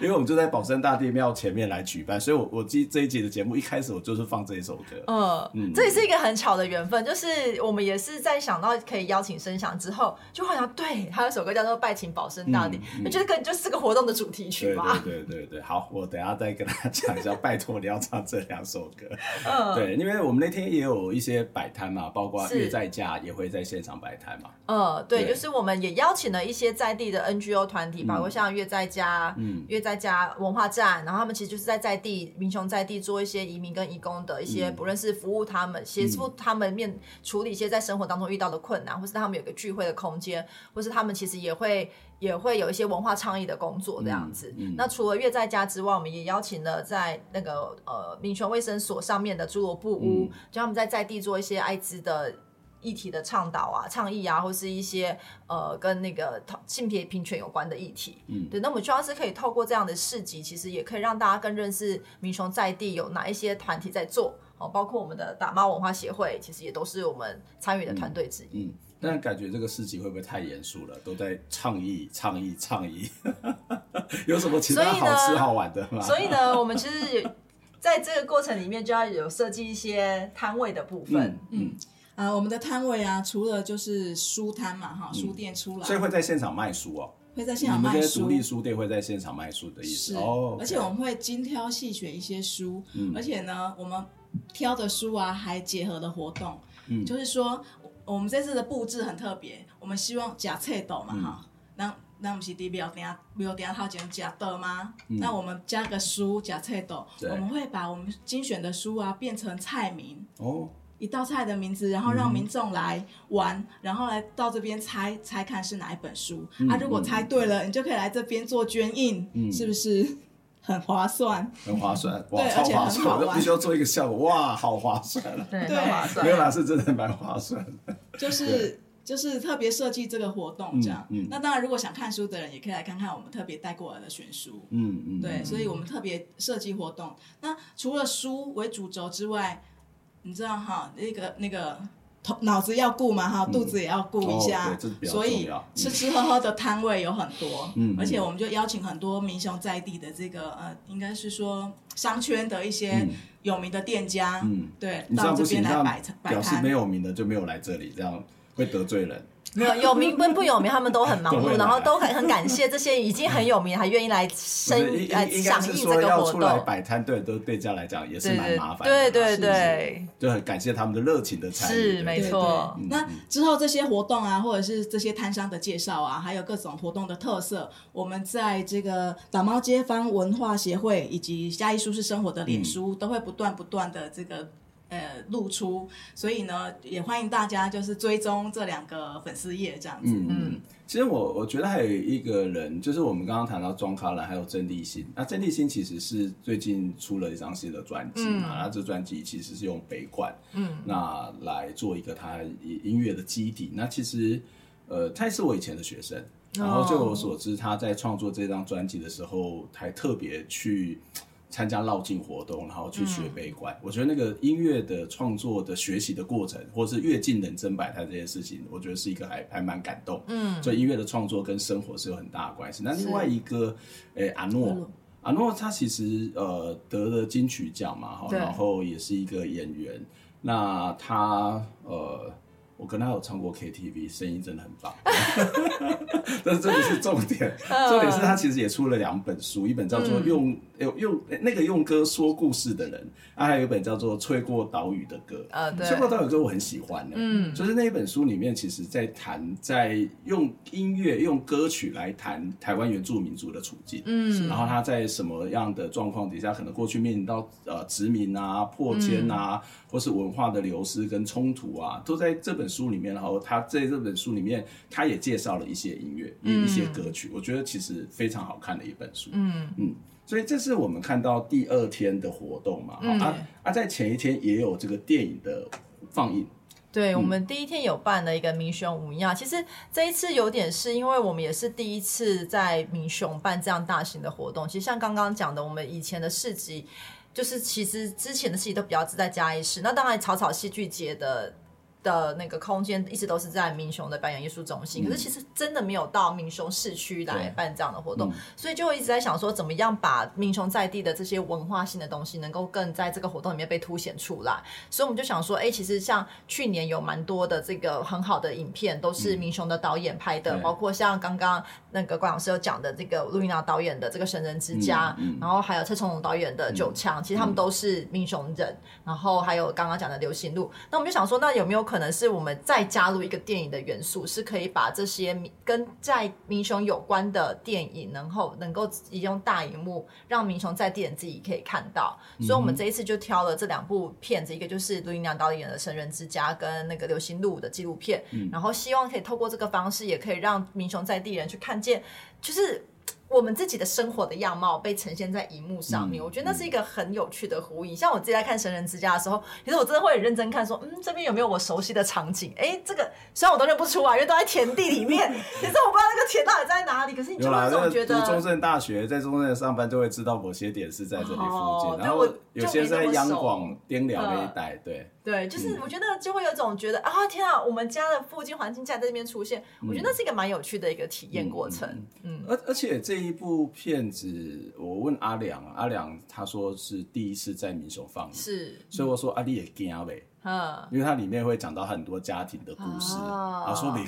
因為我們就在保生大帝廟前面來舉辦，所以我，我我記這一集的節目一開始我就是放這一首歌，嗯嗯，這也是一個很巧的緣分，就是我們也是在想到可以邀請生祥之後，就好像對還有一首歌叫做《拜請保生大帝》，我覺得跟就是跟、就是、這個活動的主題曲嘛，對，對對對對，好，我等下再跟他講一下， 拜托你要唱這兩首歌，嗯，對，因為我們那天也有一些擺攤嘛，包括樂在家也會在現場擺攤嘛，嗯對，對，就是我們也邀請了一些在地的 NGO。團、嗯、體，包括像越在家、越、嗯、在家文化站，然後他們其實就是在在地民雄在地做一些移民跟移工的一些，嗯、不論是服務他們、協助他們面、嗯、處理一些在生活當中遇到的困難，或是他們有個聚會的空間，或是他們其實也會也會有一些文化倡議的工作這樣子。嗯嗯、那除了越在家之外，我們也邀請了在那個呃民雄衛生所上面的諸羅部屋、嗯，就他們在在地做一些艾滋的。議題的倡導啊，倡議啊，或是一些呃跟那個性別平權有關的議題，嗯，對。那我們主要是可以透過這樣的市集，其實也可以讓大家更認識民雄在地有哪一些團體在做，哦，包括我們的打貓文化協會，其實也都是我們參與的團隊之一。嗯，但、嗯、感覺這個市集會不會太嚴肅了？都在倡議、倡議、倡議， 有什麼其他好吃好玩的嗎？所以呢，所以我們就是在這個過程裡面就要有設計一些攤位的部分，嗯。嗯啊、呃，我們的攤位啊，除了就是書攤嘛，哈，書店出來、嗯，所以會在現場賣書哦、喔，會在現場賣書。嗯、你們這些獨立書店會在現場賣書的意思？是，oh, okay. 而且我們會精挑細選一些書、嗯，而且呢，我們挑的書啊，還結合了活動，嗯，就是說我們這次的布置很特別，我們希望加菜豆嘛，哈、嗯，那、哦、那不是代表等下，比如等下他講加豆嗎、嗯？那我們加個書加菜豆，我們會把我們精選的書啊變成菜名哦。一道菜的名字，然後讓民眾來玩，嗯、然後來到這邊猜猜看是哪一本書、嗯、啊？如果猜對了、嗯，你就可以來這邊做捐印，嗯、是不是很划算？嗯、很划算，哇，對，超划算，而且很好玩，我必須要做一個效果，哇，好划算了，對，對划算，沒有啦，是真的蠻划算，就是就是特別設計這個活動這樣。嗯嗯、那當然，如果想看書的人，也可以來看看我們特別帶過來的選書，嗯嗯，對嗯，所以我們特別設計活動、嗯。那除了書為主軸之外，你知道哈，那個那個頭腦子要顧嘛哈，肚子也要顧一下，嗯哦、所以吃吃喝喝的攤位有很多、嗯，而且我們就邀請很多民雄在地的這個呃，應該是說商圈的一些有名的店家，嗯、對，到這邊來擺擺攤。表示沒有名的就沒有來這裡這樣。會得罪人，沒有有名跟不，不有名， 他們都很忙碌，啊、然後都很很感謝這些已經很有名 還願意來參呃響應、應這個活動。擺攤對對對這來講也是蠻麻煩對對對，就很感謝他們的熱情的參與。是沒錯。那之後這些活動啊，或者是這些攤商的介紹啊，還有各種活動的特色，我們在這個打貓街坊文化協會以及嘉義書式生活的臉書、嗯、都會不斷不斷的這個。呃，露出，所以呢，也歡迎大家就是追蹤這兩個粉絲頁這樣子。嗯，嗯，其實我我覺得還有一個人，就是我們剛剛談到裝咖人，還有曾立馨。那曾立馨其實是最近出了一張新的專輯，嗯，嘛，他這專輯其實是用北管，嗯，那來做一個他音樂的基底。那其實呃，他也是我以前的學生，哦，然後就我所知，他在創作這張專輯的時候，還特別去。參加繞境活動，然後去學北管、嗯。我覺得那個音樂的創作的學習的過程，或是閱盡人生百態這件事情，我覺得是一個還還蠻感動。嗯，所以音樂的創作跟生活是有很大的關係。嗯、那另外一個，誒，阿諾、嗯，阿諾他其實呃得了金曲獎嘛，哈，然後也是一個演員。那他呃。我跟他有唱過 KTV，聲音真的很棒， 但是這不是重點，重點是他其實也出了兩本書，一本叫做用、嗯欸《用用、欸、那個用歌說故事的人》，啊，還有一本叫做《吹過島嶼的歌》哦。啊，對，《吹過島嶼的歌》我很喜歡的、欸，嗯，就是那一本書裡面，其實在談，在用音樂、用歌曲來談台灣原住民族的處境，嗯，然後他在什麼樣的狀況底下，可能過去面臨到呃殖民啊、迫遷啊。嗯或是文化的流失跟衝突啊，都在這本書裡面。然後他在這本書裡面，他也介紹了一些音樂，一些歌曲、嗯。我覺得其實非常好看的一本書。嗯嗯，所以這是我們看到第二天的活動嘛。啊、嗯、啊，啊在前一天也有這個電影的放映。對，嗯、我們第一天有辦了一個民雄午宴。其實這一次有點是因為我們也是第一次在民雄辦這樣大型的活動。其實像剛剛講的，我們以前的市集。就是其實之前的戲都比較自在嘉義市，那當然草草戲劇節的，的那個空間一直都是在民雄的表演藝術中心、嗯，可是其實真的沒有到民雄市區來辦這樣的活動，嗯、所以就一直在想說，怎麼樣把民雄在地的這些文化性的東西能夠更在這個活動裡面被凸顯出來。所以我們就想說，哎，其實像去年有蠻多的這個很好的影片，都是民雄的導演拍的、嗯，包括像剛剛那個管老師有講的這個陸一郎導演的這個《神人之家》嗯嗯，然後還有蔡崇隆導演的《九槍、嗯、其實他們都是民雄人、嗯，然後還有剛剛講的劉心路，那我們就想說，那有沒有可可能是我們再加入一個電影的元素，是可以把這些跟在民雄有關的電影，然後能夠用大熒幕讓民雄在地人自己可以看到。嗯、所以，我們這一次就挑了這兩部片子，一個就是盧盈良導演的《神人之家》跟那個《流星路》的紀錄片、嗯，然後希望可以透過這個方式，也可以讓民雄在地人去看見，就是。我們自己的生活的樣貌被呈現在熒幕上面、嗯，我覺得那是一個很有趣的呼應。嗯、像我自己在看《神人之家》的時候，其實我真的會很認真看說，說嗯，這邊有沒有我熟悉的場景？哎、欸，這個雖然我都認不出來、啊，因為都在田地裡面， 其實我不知道那個田到底在哪裡。可是你就會有種覺得，那個、讀中正大學，在中正上班，就會知道某些點是在這裡附近。哦、然後有些是在央廣、滇遼那一帶，對對、對、嗯，就是我覺得就會有種覺得啊，天啊，我們家的附近環境在在這邊出現，我覺得那是一個蠻有趣的一個體驗過程。嗯，而、嗯、而且這。這一部片子，我問阿良，阿良他說是第一次在民雄放映，是，所以我說阿麗也驚唄，因為他裡面會講到很多家庭的故事，我、啊啊、說沒驚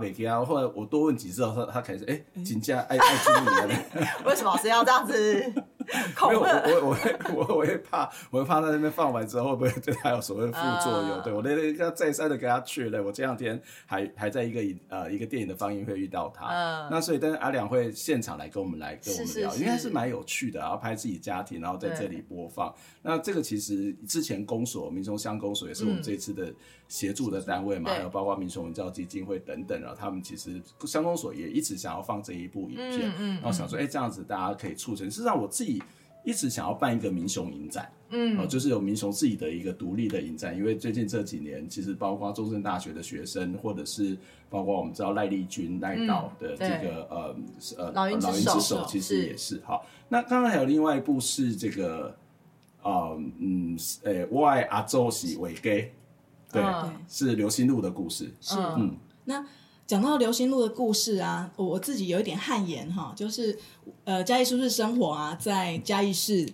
沒驚啊，後來我多問幾次，他說他開始哎緊張，欸欸、真愛 愛緊持 為什麼是要這樣子？ 因為我我我我我會怕，我會怕他在那邊放完之後會不會對他有所謂的副作用？Uh, 對我那那家再三的跟他勸了，我這兩天還還在一個呃一個電影的放映會遇到他，uh, 那所以但是阿良會現場來跟我們來是是是跟我們聊，因為他是蠻有趣的，然後拍自己家庭，然後在這裡播放。那這個其實之前公所、民雄鄉公所也是我們這次的。嗯協助的單位嘛，還有包括民雄文教基金會等等了，然後他們其實鄉公所也一直想要放這一部影片，嗯嗯、然後想說，哎，這樣子大家可以促成。實際上，我自己一直想要辦一個民雄影展，嗯、呃，就是有民雄自己的一個獨立的影展。因為最近這幾年，其實包括中正大學的學生，或者是包括我們知道賴麗君賴導的這個、嗯、呃呃老鷹之手，老鷹之手，其實也是、哦、那剛剛還有另外一部是這個啊、嗯，嗯，誒，我的阿祖是畫家。對，uh. 是劉心路的故事。是、uh.，嗯，那講到劉心路的故事啊，我自己有一點汗顏哈，就是呃，嘉義書式生活啊，在嘉義市，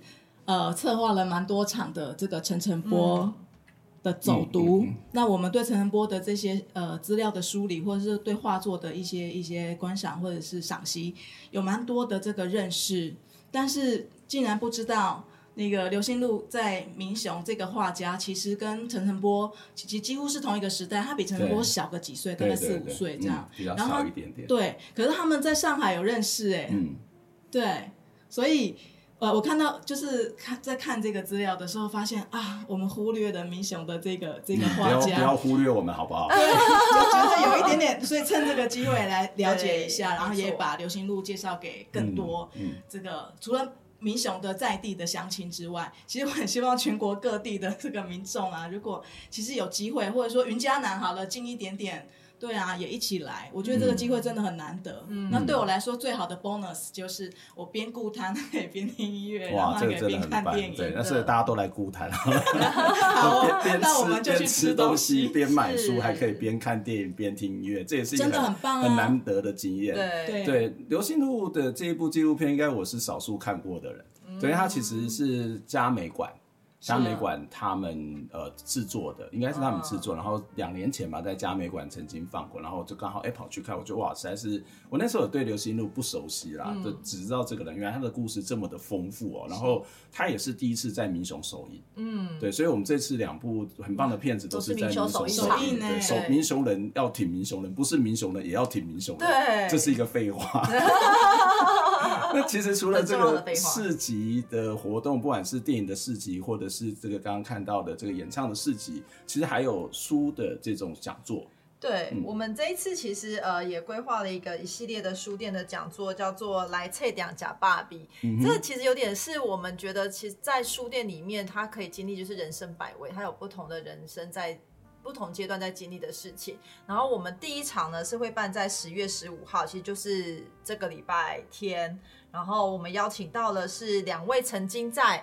呃，策劃了蠻多場的這個陳澄波的走讀、嗯。那我們對陳澄波的這些呃資料的梳理，或者是對畫作的一些一些觀賞或者是賞析，有蠻多的這個認識，但是竟然不知道。那個劉新祿在民雄這個畫家，其實跟陳澄波其實幾乎是同一個時代，他比陳澄波小個幾歲，大概四五歲這樣。嗯、比較小一點點。對，可是他們在上海有認識哎、嗯。對，所以呃，我看到就是看在看這個資料的時候，發現啊，我們忽略了民雄的這個這個畫家、嗯，不，不要忽略我們好不好？對， 就覺得有一點點，所以趁這個機會來了解一下，嗯、然後也把劉新祿介紹給更多、嗯嗯、這個除了。民雄的在地的鄉親之外，其實我很希望全國各地的這個民眾啊，如果其實有機會，或者說雲嘉南好了，近一點點。對啊，也一起來，我覺得這個機會真的很難得。嗯、那對我來說、嗯，最好的 bonus 就是我邊顧攤，也邊聽音樂，哇，然後也邊看電影、這個。對，那是大家都來顧攤。 好邊邊、啊，那我們就去吃東西，邊買書，還可以邊看電影邊聽音樂，這也是一個很，真的很棒、啊、很難得的經驗。對對，對劉星路的這一部紀錄片，應該我是少數看過的人。嗯、所以它其實是嘉美館。嘉美館他們呃製作的，啊、應該是他們製作、嗯，然後兩年前吧，在嘉美館曾經放過，然後就剛好 Apple、欸、跑去看，我就哇，實在是我那時候對劉新祿不熟悉啦、嗯，就只知道這個人，原來他的故事這麼的豐富哦、喔，然後他也是第一次在民雄首映，嗯，對，所以我們這次兩部很棒的片子都是在民雄首映，嗯、民雄首映、對、首、民雄人要挺民雄人，不是民雄人也要挺民雄人，對，這是一個廢話。 那 其實除了這個市集的活動，不管是電影的市集，或者是這個剛剛看到的這個演唱的市集，其實還有書的這種講座。對、嗯，我們這一次其實呃也規劃了一個一系列的書店的講座，叫做“來翠點假爸比”。嗯、這個其實有點是我們覺得其實在書店裡面，他可以經歷就是人生百味，他有不同的人生在不同階段在經歷的事情。然後我們第一場呢是會辦在十月十五號，其實就是這個禮拜天。然後我們邀請到了是兩位，曾經在，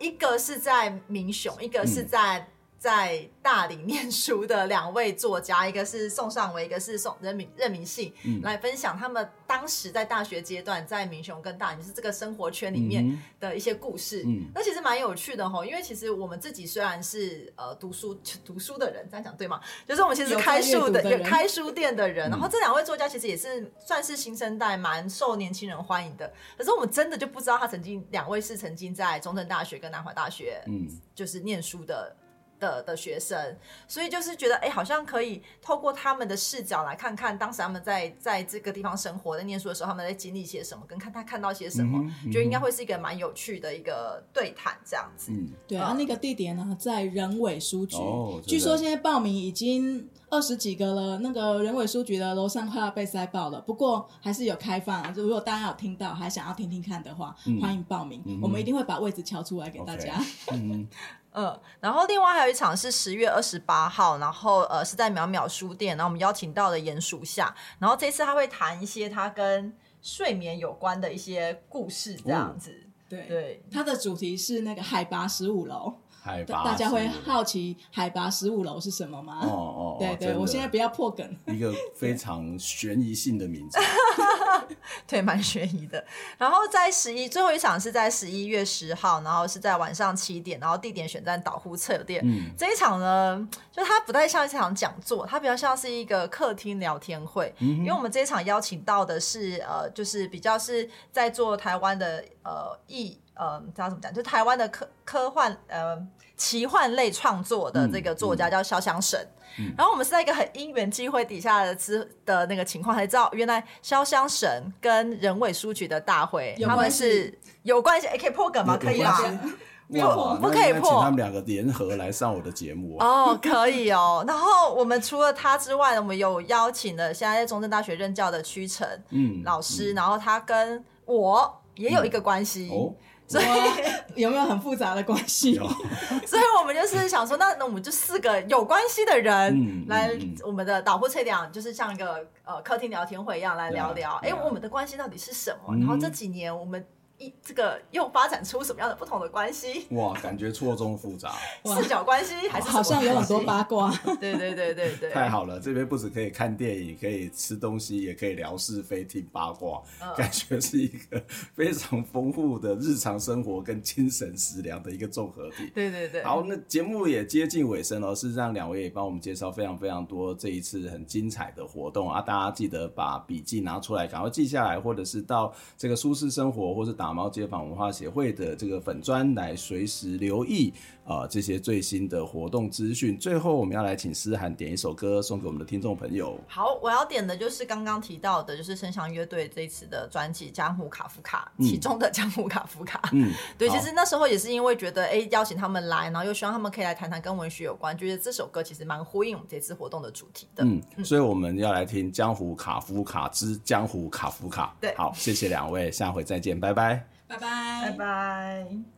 一個是在民雄，一個是在。嗯在大理念書的兩位作家，一個是宋尚緯，一個是宋任明任明信，嗯，來分享他們當時在大學階段，在民雄跟大理是這個生活圈裡面的一些故事。嗯嗯、那其實蠻有趣的吼，因為其實我們自己雖然是呃讀書讀書的人，這樣講對嗎？就是我們其實開書的，的開書店的人，然後這兩位作家其實也是算是新生代，蠻受年輕人歡迎的。可是我們真的就不知道他曾經兩位是曾經在中正大學跟南華大學，嗯，就是念書的。的的學生，所以就是覺得，哎、欸，好像可以透過他們的視角來看看當時他們在在這個地方生活，在念書的時候他們在經歷些什麼，跟看他看到些什麼，嗯嗯、就應該會是一個蠻有趣的一個對談這樣子。嗯嗯、對、啊，然後那個地點呢，在仁偉書局、oh,，據說現在報名已經，二十幾個了，那個仁偉書局的樓上快要被塞爆了。不過還是有開放、啊，就如果大家有聽到，還想要聽聽看的話，嗯、歡迎報名、嗯，我們一定會把位置敲出來給大家。Okay, 嗯、呃，然後另外還有一場是十月二十八號，然後呃是在淼淼書店，然後我們邀請到的鼴鼠下，然後這次他會談一些他跟睡眠有關的一些故事，這樣子、哦。對，對，他的主題是那個海拔十五樓。大家會好奇海拔十五樓是什麼嗎？哦哦，對對，對，我現在不要破梗。一個非常懸疑性的名字， 對，蠻懸疑的。然後在十一最後一場是在十一月十號，然後是在晚上七點，然後地點選在島呼冊店。這一場呢，就它不太像一場講座，它比較像是一個客廳聊天會、嗯，因為我們這一場邀請到的是呃，就是比較是在做台灣的呃藝。嗯，知道怎麼講，就台灣的科科幻呃奇幻類創作的這個作家叫瀟湘神，嗯嗯，然後我們是在一個很因緣際會底下之的，的那個情況才知道，原來瀟湘神跟仁偉書局的大會他們是，嗯，有關係，哎、欸，可以破梗嗎？可以啊，不 不可以破？他們兩個聯合來上我的節目、啊、 哦，可以哦。然後我們除了他之外，我們有邀請了現在在中正大學任教的屈臣老師，嗯嗯，然後他跟我也有一個關係。嗯哦所以有沒有很複雜的關係哦？ 所以我們就是想說，那那我們就四個有關係的人來我們的導播次第，就是像一個呃客廳聊天會一樣來聊聊，哎、啊欸啊，我們的關係到底是什麼？然後這幾年我們。一這個又發展出什麼樣的不同的關係？哇，感覺錯綜複雜，視角關係還是系好,好像有很多八卦。 對,對對對對對，太好了，這邊不只可以看電影，可以吃東西，也可以聊是非、聽八卦，嗯、感覺是一個非常豐富的日常生活跟精神食糧的一個綜合體。對對對，好，那節目也接近尾聲了，事實上兩位也幫我們介紹非常非常多這一次很精彩的活動啊！大家記得把筆記拿出來，趕快記下來，或者是到這個書式生活，或者打。打貓街坊文化協會的這個粉專來隨時留意啊、呃、這些最新的活動資訊。最後，我們要來請詩涵點一首歌送給我們的聽眾朋友。好，我要點的就是剛剛提到的，就是生祥樂隊這次的專輯《江湖卡夫卡》嗯、其中的《江湖卡夫卡》。嗯，對，其實那時候也是因為覺得，哎、欸，邀請他們來，然後又希望他們可以來談談跟文學有關，覺、就、得、是、這首歌其實蠻呼應我們這次活動的主題的。嗯，嗯，所以我們要來聽《江湖卡夫卡之江湖卡夫卡》。對，好，謝謝兩位，下回再見，拜拜。拜拜。拜拜。